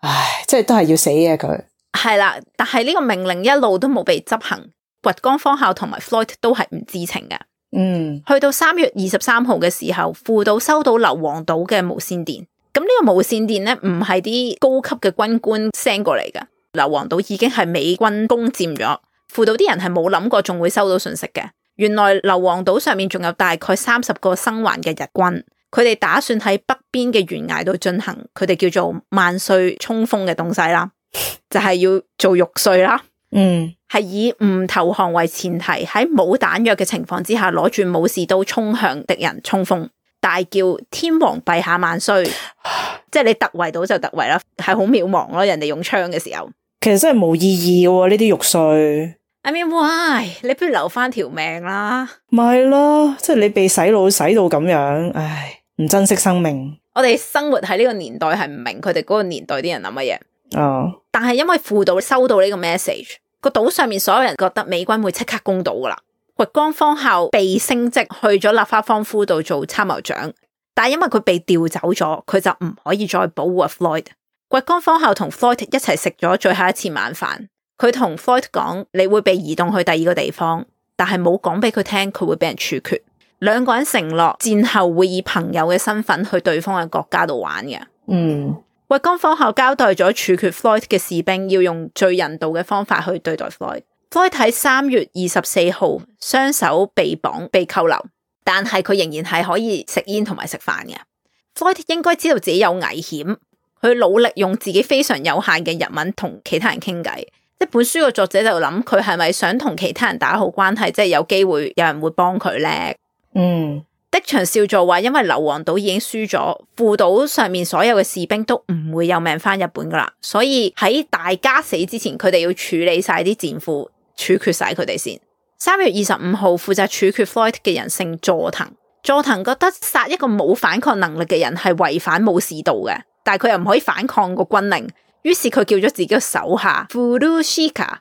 Speaker 1: 唉，即係都係要死嘅佢。
Speaker 2: 係啦，但係呢個命令一路都冇被執行。掘江方向同埋 Floyd 都係唔知情嘅。嗯，去到三月二十三號嘅時候，父島收到硫磺島嘅無線電。咁呢個無線電咧，唔係啲高級嘅軍官 send 過嚟嘅。硫磺島已經係美軍攻佔咗，父島啲人係冇諗過仲會收到信息嘅。原來硫磺島上面仲有大概三十個生還嘅日軍，佢哋打算喺北邊嘅懸崖度進行，佢哋叫做萬歲衝鋒嘅東西啦，就係要做玉碎啦。嗯。係以唔投降為前提，喺冇彈藥嘅情況之下，攞住武士刀衝向敵人衝鋒，大叫天皇陛下萬歲！ *coughs* 即係你突圍到就突圍啦，係好渺茫咯。人哋用槍嘅時候，
Speaker 1: 其實真係冇意義喎、啊。呢啲玉碎
Speaker 2: ，I mean why？你不如留翻條命啦。
Speaker 1: 咪咯，即 *coughs* 係、就是、你被洗腦洗到咁樣，唉，唔珍惜生命。
Speaker 2: 我哋生活喺呢個年代，係唔明佢哋嗰個年代啲人諗乜嘢。
Speaker 1: 哦，oh.
Speaker 2: 但係因為輔導收到呢個 message。個島上面所有人覺得美軍會即刻攻到㗎喇。掘江方校被升職去咗立花芳夫度做參謀長，但係因為佢被調走咗，佢就唔可以再保護阿 Floyd。掘江方校同 Floyd 一齊食咗最後一次晚飯，佢同 Floyd 講你會被移動去第二個地方，但係冇講俾佢聽佢會俾人處決。兩個人承諾戰後會以朋友嘅身份去對方嘅國家度玩嘅。嗯。衛崗方後交代咗處決 Floyd 嘅士兵要用最人道嘅方法去對待 Floyd。Floyd 喺三月二十四號雙手被綁被扣留，但係佢仍然係可以食煙同埋食飯嘅。Floyd 應該知道自己有危險，佢努力用自己非常有限嘅日文同其他人傾偈。一本書嘅作者就諗佢係咪想同其他人打好關係，即係有機會有人會幫佢咧？嗯。的場少佐說話，因為硫磺島已經輸咗，父島上面所有嘅士兵都唔會有命返日本㗎喇，所以喺大家死之前，佢哋要處理晒啲戰俘，處決晒佢哋先。三月二十五號，負責處決 Floyd 嘅人姓佐藤，佐藤覺得殺一個冇反抗能力嘅人係違反武士道嘅，但係佢又唔可以反抗個軍令。於是佢叫咗自己嘅手下 f u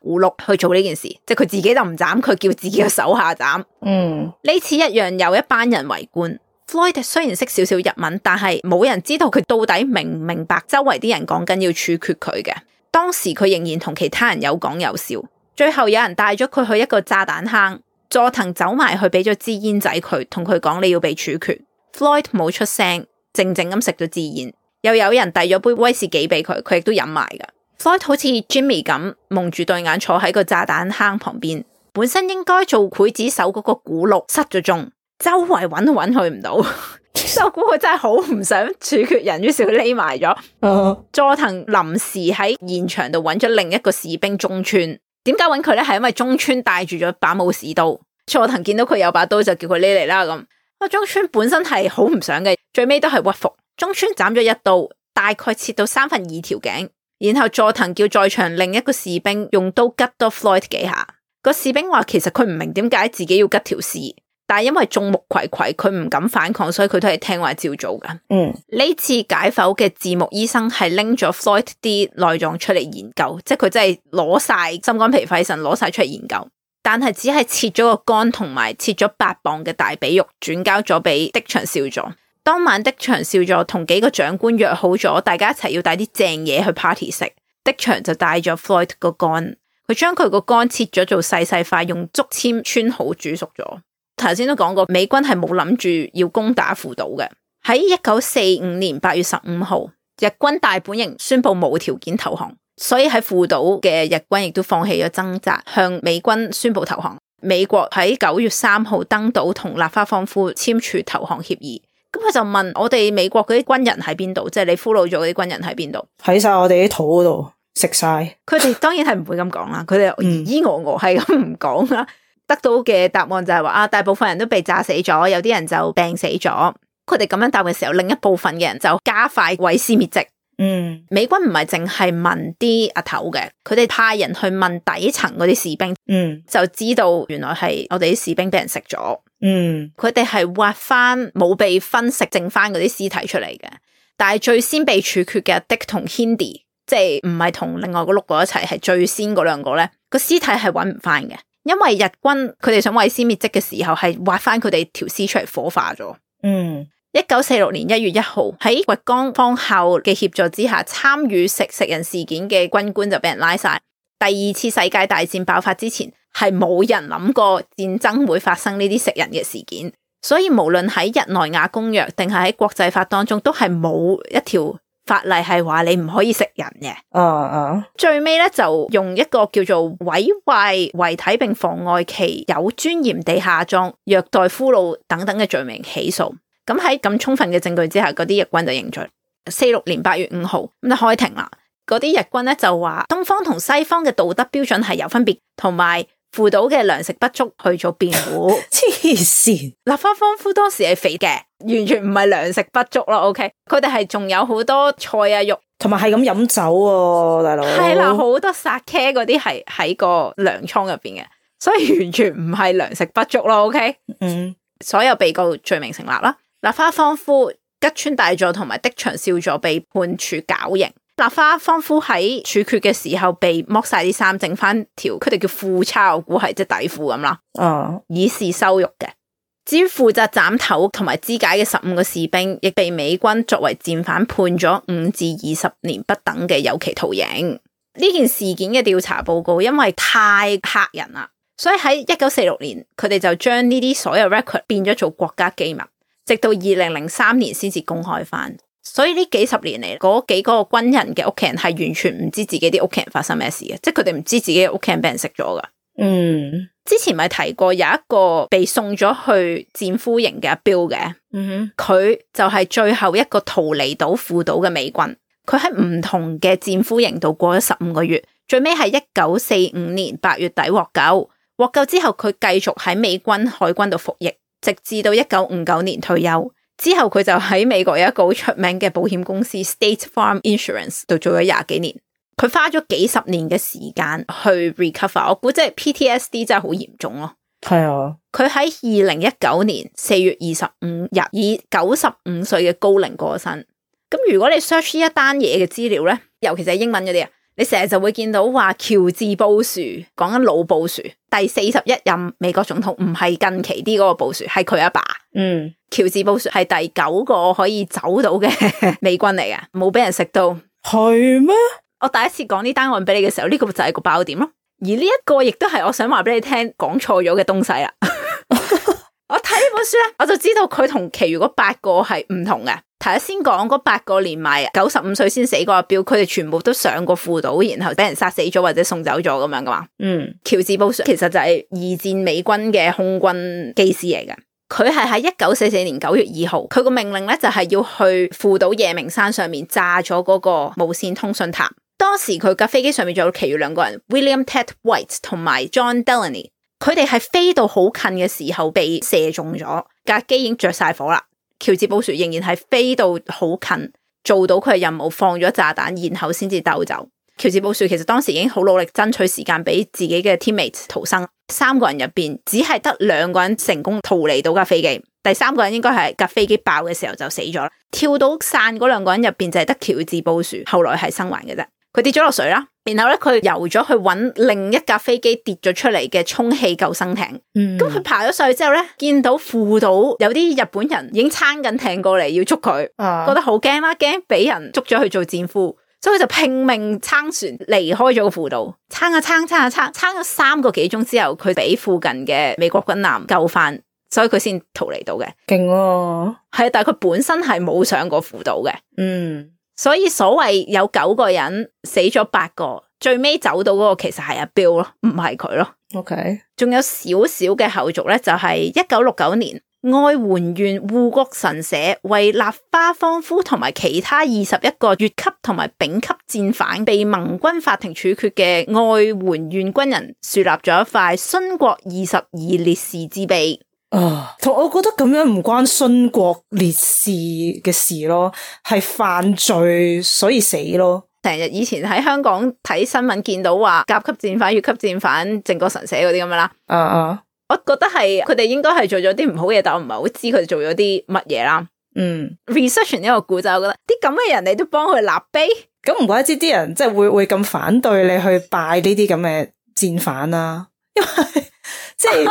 Speaker 2: 胡祿去做呢件事，即係佢自己就唔斬，佢叫自己嘅手下斬。嗯，呢次一樣有一班人圍觀。Floyd 雖然識少少日文，但係冇人知道佢到底明唔明白周圍啲人講緊要處決佢嘅。當時佢仍然同其他人有講有笑。最後有人帶咗佢去一個炸彈坑，佐藤走埋去俾咗支煙仔佢，同佢講，你要被處決。Floyd 冇出聲，靜靜咁食咗支煙。又有人遞咗杯威士忌俾佢，佢亦都飲埋噶。Floyd 好似 Jimmy 咁蒙住對眼坐喺個炸彈坑旁邊，本身應該做劊子手嗰個古禄失咗蹤，周圍搵都搵佢唔到， *laughs* 我估佢真係好唔想處決人，於是佢匿埋咗。Oh. 佐藤臨時喺現場度搵咗另一個士兵中村，點解搵佢咧？係因為中村帶住咗把武士刀，佐藤見到佢有把刀就叫佢匿嚟啦咁。不過中村本身係好唔想嘅，最尾都係屈服。中村斬咗一刀，大概切到三分二條頸，然後佐藤叫在場另一個士兵用刀拮多 Floyd 幾下。那個士兵話其實佢唔明點解自己要拮條屍，但係因為眾目睽睽，佢唔敢反抗，所以佢都係聽話照做噶。嗯，呢次解剖嘅字幕醫生係拎咗 Floyd 啲內臟出嚟研究，即係佢真係攞晒心肝脾肺腎攞晒出嚟研究，但係只係切咗個肝同埋切咗八磅嘅大髀肉，轉交咗俾的場燒咗。當晚，的場笑咗，同幾個長官約好咗，大家一齊要帶啲正嘢去 party 食。的場就帶咗 Floyd 個肝，佢將佢個肝切咗做細細塊，用竹簽穿好煮熟咗。頭先都講過，美軍係冇諗住要攻打父島嘅。喺一九四五年八月十五號，日軍大本營宣布無條件投降，所以喺父島嘅日軍亦都放棄咗掙扎，向美軍宣布投降。美國喺九月三號登島，同立花芳夫簽署投降協議。咁佢就問我哋美國嗰啲軍人喺邊度？即係你俘虜咗嗰啲軍人喺邊度？
Speaker 1: 喺晒我哋啲肚嗰度食晒。
Speaker 2: 佢哋當然係唔會咁講啦，佢哋依依哦哦係咁唔講啦。 *laughs* 得到嘅答案就係話啊，大部分人都被炸死咗，有啲人就病死咗。佢哋咁樣答嘅時候，另一部分嘅人就加快毀屍滅跡。嗯，美軍唔係淨係問啲阿頭嘅，佢哋派人去問底層嗰啲士兵，嗯，就知道原來係我哋啲士兵俾人食咗。嗯，佢哋係挖翻冇被分食剩翻嗰啲屍體出嚟嘅，但係最先被處決嘅的同 Hindi，即係唔係同另外嗰六個一齊，係最先嗰兩個咧個屍體係揾唔翻嘅，因為日軍佢哋想毀屍滅跡嘅時候係挖翻佢哋條屍出嚟火化咗。嗯，一九四六年一月一號喺掘江方校嘅協助之下，參與食食人事件嘅軍官就俾人拉晒。第二次世界大戰爆發之前。係冇人諗過戰爭會發生呢啲食人嘅事件，所以無論喺日內瓦公約定係喺國際法當中，都係冇一條法例係話你唔可以食人嘅。哦哦，oh, oh，最尾咧就用一個叫做毀壞遺體並妨礙其有尊嚴地下葬、虐待俘虜等等嘅罪名起訴。咁喺咁充分嘅證據之下，嗰啲日軍就認罪。四六年八月五號咁就開庭啦。嗰啲日軍咧就話東方同西方嘅道德標準係有分別，同埋，父島嘅糧食不足去做辯護，黐線 *laughs* 病！立花芳夫當時係肥嘅，完全唔係糧食不足咯。OK，佢哋係仲有好多菜啊肉，同埋係
Speaker 1: 咁飲酒喎、啊，大佬。係啦、啊，好
Speaker 2: 多 Sake 嗰啲係喺個糧倉入邊嘅，所以完全唔係糧食不足咯。OK，嗯，所有被告罪名成立啦。立花芳夫、吉川大佐同埋的場少佐被判處絞刑。立花方夫喺處決嘅時候被剝晒啲衫，整翻條佢哋叫褲叉，我估係即係底褲咁啦。哦，以示羞辱嘅。至於負責斬頭同埋肢解嘅十五個士兵，亦被美軍作為戰犯判咗五至二十年不等嘅有期徒刑。呢件事件嘅調查報告因為太嚇人啦，所以喺一九四六年，佢哋就將呢啲所有 record 變咗做國家機密，直到二零零三年先至公開翻。所以呢幾十年嚟，嗰幾個軍人嘅屋企人係完全唔知自己啲屋企人發生咩事嘅，即係佢哋唔知自己屋企人俾人食咗噶。
Speaker 1: 嗯，
Speaker 2: 之前咪提過有一個被送咗去戰俘營嘅阿彪嘅，嗯、哼，佢就係最後一個逃離到父島嘅美軍，佢喺唔同嘅戰俘營度過咗十五個月，最尾係一九四五年八月底獲救，獲救之後佢繼續喺美軍海軍度服役，直至到一九五九年退休。之後佢就喺美國有一個好出名嘅保險公司 State Farm Insurance 度做咗廿幾年，佢花咗幾十年嘅時間去 recover，我估即係 PTSD 真係好嚴重咯。係啊，佢喺二零一九年四月二十五日以九十五歲嘅高齡過身。咁如果你 search 呢一單嘢嘅資料咧，尤其是係英文嗰啲啊。你成日就會見到話喬治布殊講緊老布殊第四十一任美國總統，唔係近期啲嗰個布殊，係佢阿爸。嗯，喬治布殊係第九個可以走到嘅 *laughs* 美軍嚟嘅，冇俾人食到。係咩嗎？我第一次講呢單案俾你嘅時候，呢、這個就係個爆點咯。而呢一個亦都係我想話俾你聽講錯咗嘅東西啦。 *laughs* 我睇呢本書咧，我就知道佢同其餘嗰八個係唔同嘅。頭先講嗰八個連埋，九十五歲先死個阿標，佢哋全部都上過父島，然後俾人殺死咗或者送走咗咁樣噶嘛？嗯，喬治布什其實就係二戰美軍嘅空軍機師嚟嘅，佢係喺一九四四年九月二號，佢個命令咧就係、是、要去父島夜明山上面炸咗嗰個無綫通訊塔。當時佢架飛機上面仲有其餘兩個人，William Ted White 同埋 John Delaney，佢哋係飛到好近嘅時候被射中咗，架機已經着晒火啦。喬治·布殊仍然係飛到好近，做到佢嘅任務，放咗炸彈，然後先至兜走。喬治·布殊其實當時已經好努力爭取時間，俾自己嘅 teammates 逃生。三個人入邊，只係得兩個人成功逃離到架飛機，第三個人應該係架飛機爆嘅時候就死咗啦。跳到散嗰兩個人入邊就係得喬治·布殊，後來係生還嘅啫。佢跌咗落水啦，然後咧佢游咗去搵另一架飛機跌咗出嚟嘅充氣救生艇。咁佢、嗯、爬咗上去之後咧，見到父島有啲日本人已經撐緊艇過嚟要捉佢，啊、覺得好驚啦，驚俾人捉咗去做戰俘，所以佢就拼命撐船離開咗個父島，撐啊撐、啊啊啊，撐啊撐，撐咗三個幾鐘之後，佢俾附近嘅美國軍艦救翻，所以佢先逃離到嘅。
Speaker 1: 勁啊、
Speaker 2: 哦！係啊，但係佢本身係冇上過父島嘅。嗯。所以所謂有九個人死咗八個，最尾走到嗰個其實係阿 Bill 咯，唔係佢咯。OK，仲有少少嘅後續咧，就係一九六九年，愛媛縣護國神社為立花芳夫同埋其他二十一個乙級同埋丙級戰犯被盟軍法庭處決嘅愛媛縣軍人樹立咗一塊殉國二十二烈士之碑。
Speaker 1: 啊，同、uh, 我覺得咁樣唔關殉國烈士嘅事咯，係犯罪，所以死咯。
Speaker 2: 成日以前喺香港睇新聞見到話甲級戰犯、乙級戰犯、靖國神社嗰啲咁樣 uh, uh, 啦。啊啊、嗯，我覺得係佢哋應該係做咗啲唔好嘢，但我唔係好知佢哋做咗啲乜嘢啦。嗯，research 呢個故仔，我覺得啲咁嘅人你都幫佢立碑，咁唔怪之啲人即係會會咁反對你
Speaker 1: 去拜呢啲咁嘅戰犯啦、啊，因
Speaker 2: 為。 *laughs* 即係，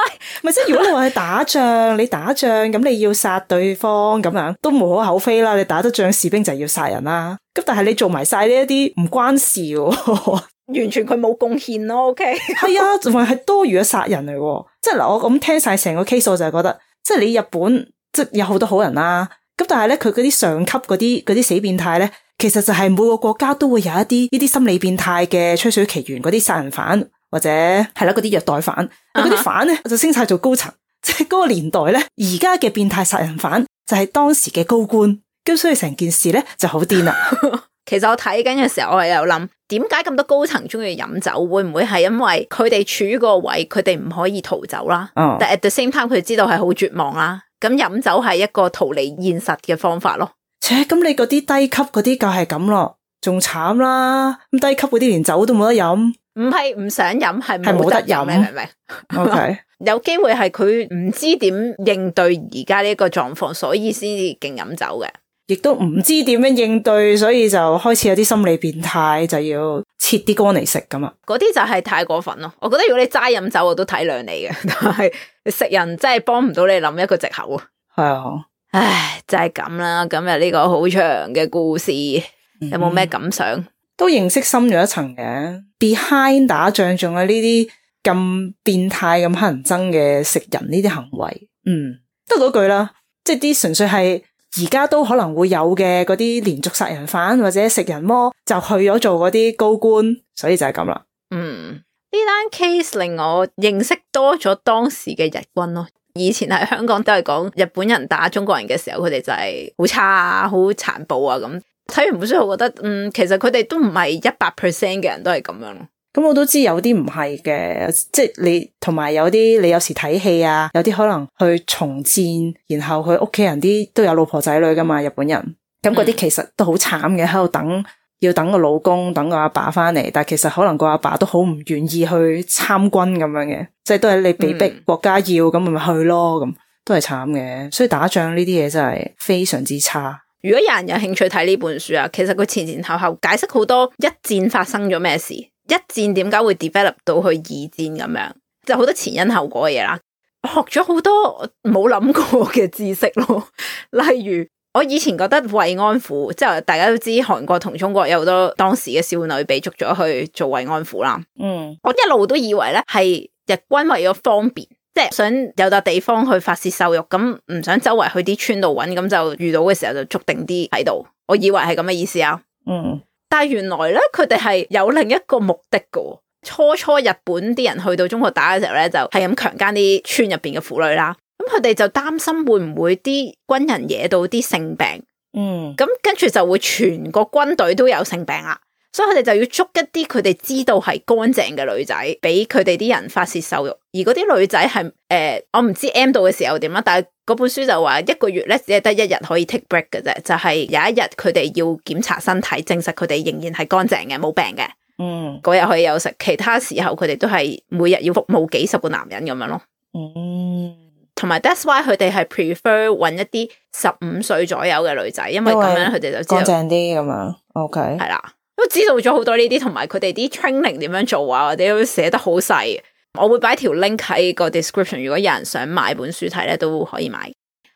Speaker 2: 咪 *laughs* 即係？如果
Speaker 1: 你話去打仗，你打仗咁你要殺對方咁樣，都無可厚非啦。你打得仗，士兵就要殺人啦。咁但係你做埋晒呢一啲唔關事， *laughs* 完全佢冇貢
Speaker 2: 獻咯。OK。
Speaker 1: 係啊，仲係多餘嘅殺人嚟。即係嗱，我咁聽晒成個 case，我就係覺得，即係你日本即係、就是、有好多好人啦。咁但係咧，佢嗰啲上級嗰啲啲死變態咧，其實就係每個國家都會有一啲呢啲心理變態嘅吹水奇緣嗰啲殺人犯。或者係啦，嗰啲虐待犯，嗰啲犯咧、uh huh. 就升晒做高層。即係嗰個年代咧，而家嘅變態殺人犯就係當時嘅高官，咁所以成件事咧就好癲啦。
Speaker 2: *laughs* 其實我睇緊嘅時候，我係有諗，點解咁多高層中意飲酒？會唔會係因為佢哋處於個位，佢哋唔可以逃走啦、啊？Uh huh. 但係 at the same time 佢知道係好絕望啦、啊。咁飲酒係一個逃離現實嘅方法咯。切、嗯，
Speaker 1: 咁你嗰啲低級嗰啲就係咁咯，仲慘啦。咁低級嗰啲連酒都冇得飲。
Speaker 2: 唔係唔想飲，係冇得飲，明唔明？OK， *laughs* 有機會係佢唔知點應對而家呢個狀況，所以先至勁飲酒嘅，亦都唔
Speaker 1: 知點樣應對，所以就開始有啲心理變態，就要切啲肝嚟食
Speaker 2: 咁啊！嗰啲就係太過分咯。我覺得如果你齋飲酒，我都體諒你嘅，但 *laughs* 係食人真係幫唔到你諗一個藉口啊。係啊， *laughs* *laughs* *laughs* *laughs* *laughs* 唉、哎，就係咁啦。咁啊，呢個好長嘅故事，有冇咩感想？
Speaker 1: 都認識深咗一層嘅，behind 打仗仲有呢啲咁變態咁乞人憎嘅食人呢啲行為，嗯，得嗰句啦，即係啲純粹係而家都可能會有嘅嗰啲連續殺人犯或者食人魔，就去咗做嗰啲高官，所以就係咁啦。嗯，
Speaker 2: 呢單 case 令我認識多咗當時嘅日軍咯。以前喺香港都係講日本人打中國人嘅時候，佢哋就係好差啊好殘暴啊咁。睇完本書，我覺得嗯，其實佢哋都唔係一百 percent 嘅人都係咁樣咯。
Speaker 1: 咁、嗯、我都知有啲唔係嘅，即係你同埋有啲你有時睇戲啊，有啲可能去重戰，然後佢屋企人啲都有老婆仔女噶嘛，日本人咁嗰啲其實都好慘嘅，喺度等要等個老公，等個阿爸翻嚟，但係其實可能個阿爸、爸都好唔願意去參軍咁樣嘅，即係都係你被逼國家要咁咪，嗯、去咯，咁都係慘嘅。所以打仗呢啲嘢真係非常之差。
Speaker 2: 如果有人有興趣睇呢本書啊，其實佢前前後後解釋好多一戰發生咗咩事，一戰點解會 develop 到去二戰咁樣，就好多前因後果嘅嘢啦。學咗好多冇諗過嘅知識咯， *laughs* 例如我以前覺得慰安婦，即係大家都知韓國同中國有好多當時嘅少女被捉咗去做慰安婦啦。嗯，我一路都以為咧係日軍為咗方便。即係想有笪地方去發泄獸慾，咁唔想周圍去啲村度揾，咁就遇到嘅時候就捉定啲喺度。我以為係咁嘅意思啊，嗯。但係原來咧，佢哋係有另一個目的噶。初初日本啲人去到中國打嘅時候咧，就係咁強姦啲村入邊嘅婦女啦。咁佢哋就擔心會唔會啲軍人惹到啲性病，嗯。咁跟住就會全個軍隊都有性病啊。所以佢哋就要捉一啲佢哋知道係乾淨嘅女仔，俾佢哋啲人發泄獸慾。而嗰啲女仔係誒，我唔知 M 度嘅時候點啦。但係嗰本書就話一個月咧，只係得一日可以 take break 嘅啫，就係、是、有一日佢哋要檢查身體，證實佢哋仍然係乾淨嘅，冇病嘅。嗯，嗰日可以休息，其他時候佢哋都係每日要服務幾十個男人咁樣咯。嗯，同埋 that's why 佢哋係 prefer 搵一啲十五歲左右嘅女仔，因為咁樣佢哋就乾淨
Speaker 1: 啲咁樣。OK，係啦。
Speaker 2: 都知道咗好多呢啲，同埋佢哋啲 training 點樣做啊，或者寫得好細，我會擺條 link 喺個 description。如果有人想買本書睇咧，都可以買。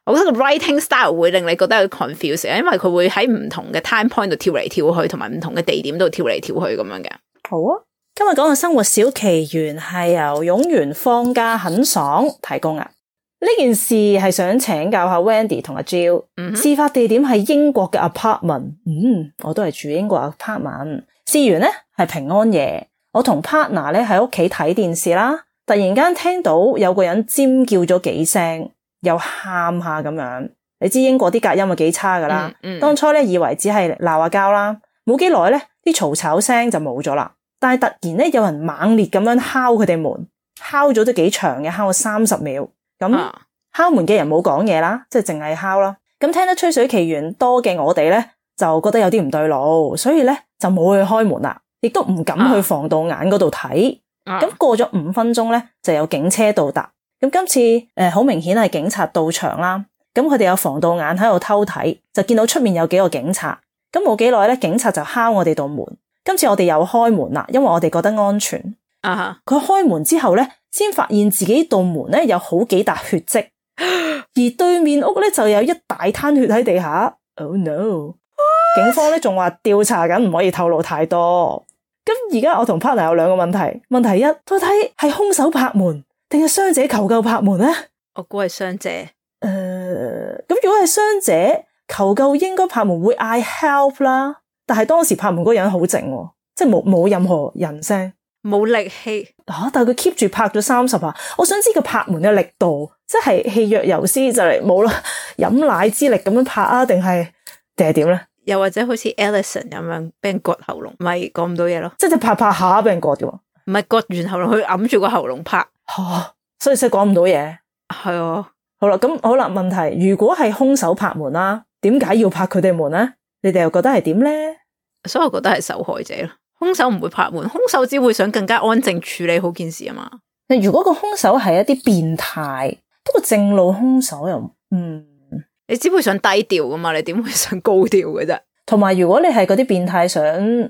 Speaker 2: 我覺得個 writing style 會令你覺得 confused，因為佢會喺唔同嘅 time point 度跳嚟跳去，同埋唔同嘅地點度跳嚟跳去咁樣嘅。好啊，
Speaker 1: 今日講嘅生活小奇緣係由泳員放假很爽提供啊。呢件事係想請教下 Wendy 同阿 Jo。事、hmm. 發地點係英國嘅 apartment。嗯，我都係住英國 apartment。事緣咧係平安夜，我同 partner 咧喺屋企睇電視啦。突然間聽到有個人尖叫咗幾聲，又喊下咁樣。你知英國啲隔音咪幾差噶啦？Mm hmm. 當初咧以為只係鬧下交啦，冇幾耐咧啲嘈吵聲就冇咗啦。但係突然咧有人猛烈咁樣敲佢哋門，敲咗都幾長嘅，敲咗三十秒。咁敲門嘅人冇講嘢啦，即係淨係敲啦。咁聽得吹水奇緣多嘅我哋咧，就覺得有啲唔對路，所以咧就冇去開門啦，亦都唔敢去防盜眼嗰度睇。咁過咗五分鐘咧，就有警車到達。咁今次誒好明顯係警察到場啦。咁佢哋有防盜眼喺度偷睇，就見到出面有幾個警察。咁冇幾耐咧，警察就敲我哋度門。今次我哋又開門啦，因為我哋覺得安全。啊！佢開門之後咧，先發現自己度門咧有好幾笪血跡，而對面屋咧就有一大灘血喺地下。Oh no！What? 警方咧仲話調查緊，唔可以透露太多。咁而家我同 partner 有兩個問題。問題一，到底係兇手拍門，定係傷者求救拍門呢？
Speaker 2: 我估係傷者。誒、
Speaker 1: 呃，咁如果係傷者求救，應該拍門會嗌 help 啦。但係當時拍門嗰個人好靜，啊，即係冇冇任何人聲。冇力氣，啊！但係佢 keep 住拍咗三十下，我想知佢拍門嘅力度，即係氣若游絲就嚟冇啦，飲奶之力咁樣拍啊？定係定係點
Speaker 2: 咧？呢又或者好似 Ellison 咁樣俾人割喉嚨，咪講唔到嘢咯？
Speaker 1: 即係拍拍下俾人割咗，
Speaker 2: 唔係割完喉嚨去揞住個喉嚨拍，啊、所以先講唔到嘢。
Speaker 1: 係啊。好啦，咁好啦，問題如果係兇手拍門啦，點解要拍佢哋門咧？你哋又覺得係點咧？所以我覺得係受害者咯。
Speaker 2: 兇手唔會拍門，兇手只會想更加安靜處理好件事啊嘛。
Speaker 1: 如果個兇手係一啲變態，不過正路兇手又，嗯，
Speaker 2: 你只會想低調噶嘛？你點會想高調
Speaker 1: 嘅啫？同埋如果你係嗰啲變態，想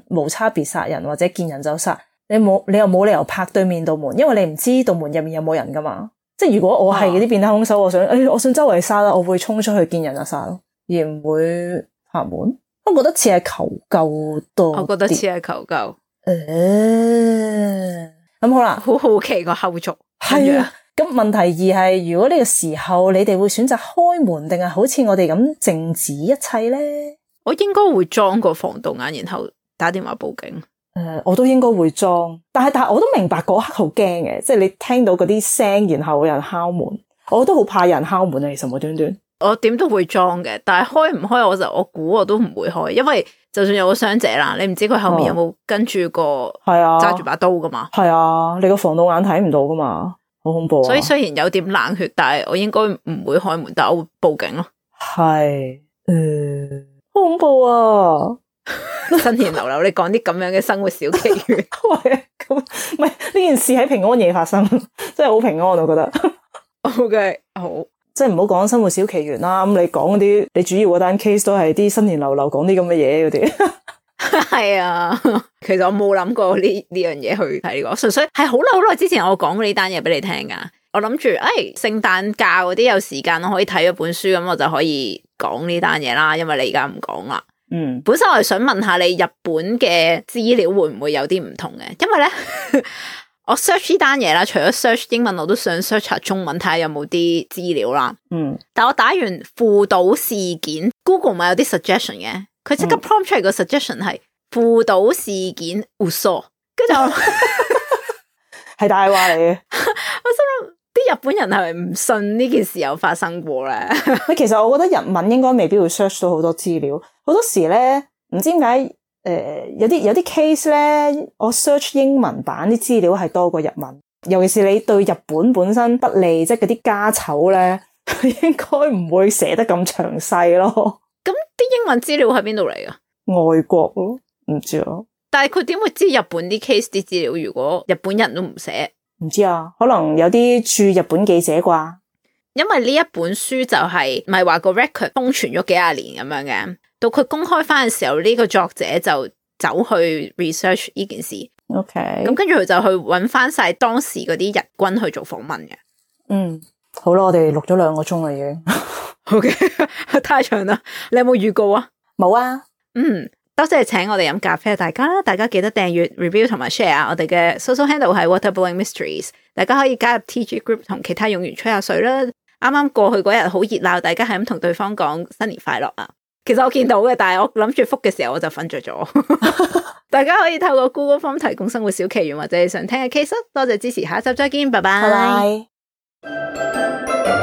Speaker 1: 無差別殺人或者見人就殺，你冇你又冇理由拍對面道門，因為你唔知道門入面有冇人噶嘛。即係如果我係嗰啲變態兇手，我想，誒、哎，我想周圍殺啦，我會衝出去見人就殺咯，而唔會拍門。我覺得似係求救多，我覺得似係求救。誒、嗯，咁好啦，好好奇個後續係啊。咁問題二係，如果呢個時候你哋會選擇開門，定係好似我哋咁靜止一切咧？
Speaker 2: 我應該會裝個防盜眼，然後打電話報警。誒、嗯，我都應該會裝，
Speaker 1: 但係但係我都明白嗰刻好驚嘅，即係你聽到嗰啲聲，然後有人敲門，我
Speaker 2: 都好怕有人敲門啊！其實無端端。我點都會裝嘅，但係開唔開我就我估我都唔會開，因為就算有個傷者啦，你唔知佢後面有冇跟住個係啊揸住把刀噶嘛，
Speaker 1: 係、哦、啊，你個防盜眼睇唔到噶嘛，好恐怖、啊。所以雖
Speaker 2: 然有點冷血，但係我應該唔會開門，但我會報警咯、啊。係，誒、呃，好恐怖啊！ *laughs* 新年流流，你講啲咁樣嘅生活小奇 *laughs* *laughs* 喂！
Speaker 1: 懸，唔係呢件事喺平安夜發生，真係好平安我、啊、我覺得。 *laughs* o、okay, K，好。即係唔好講生活小奇懸啦、啊，咁、嗯、你講嗰啲，你主要嗰單 case 都係啲新年流流講啲咁嘅嘢嗰啲，
Speaker 2: 係 *laughs* 啊。其實我冇諗過呢呢樣嘢去睇呢個，純粹係好耐好耐之前我講呢單嘢俾你聽噶。我諗住，哎，聖誕假嗰啲有時間可以睇一本書，咁我就可以講呢單嘢啦。因為你而家唔講啦，嗯。本身我係想問下你日本嘅資料會唔會有啲唔同嘅，因為咧。 *laughs* 我 search 呢單嘢啦，除咗 search 英文，我都想 search 下中文，睇下有冇啲資料啦。嗯，但我打完父島事件，Google 唔係有啲 suggestion 嘅，佢即刻 prompt 出嚟個 suggestion 係父島事件 uso，跟住就係大話嚟嘅。我心諗啲日本人係咪唔信呢件事有發生過
Speaker 1: 咧？ *laughs* 其實我覺得日文應該未必會 search 到好多資料，好多時咧唔知點解。誒、uh，有啲有啲 case 咧，我 search 英文版啲資料係多過日文，尤其是你對日本本身不利，即係嗰啲家醜咧，佢應該唔會寫得咁詳細咯。
Speaker 2: 咁啲、嗯、英文資料係邊度嚟噶？
Speaker 1: 外國咯，唔知啊。
Speaker 2: 但係佢點會知日本啲 case 啲資料？如果日本人都唔寫，
Speaker 1: 唔知啊，可能有啲駐日本記者啩。
Speaker 2: 因為呢一本書就係咪話個 record 封存咗幾廿年咁樣嘅，到佢公開翻嘅時候，呢、這個作者就走去 research 呢件事。
Speaker 1: O K. 咁跟
Speaker 2: 住佢就去揾翻晒當時嗰啲日軍去做訪問嘅。嗯，
Speaker 1: 好啦，我哋
Speaker 2: 錄咗兩個鐘啦已經。 *laughs* o、okay, K. 太長啦，你有冇預告啊？冇啊。嗯，多謝請我哋飲咖啡，大家大家記得訂閱、review 同埋 share，啊。我哋嘅 social handle 係 Waterblowing Mysteries，大家可以加入 T G Group 同其他用戶吹下水啦。啊。啱啱過去嗰日好熱鬧，大家係咁同對方講新年快樂啊！其實我見到嘅，但係我諗住覆嘅時候我就瞓着咗。 *laughs* *laughs* *laughs* 大家可以透過 Google Form 提供生活小奇懸，或者你想聽嘅 case，多謝支持，下一集再見，拜拜。Bye bye. *music*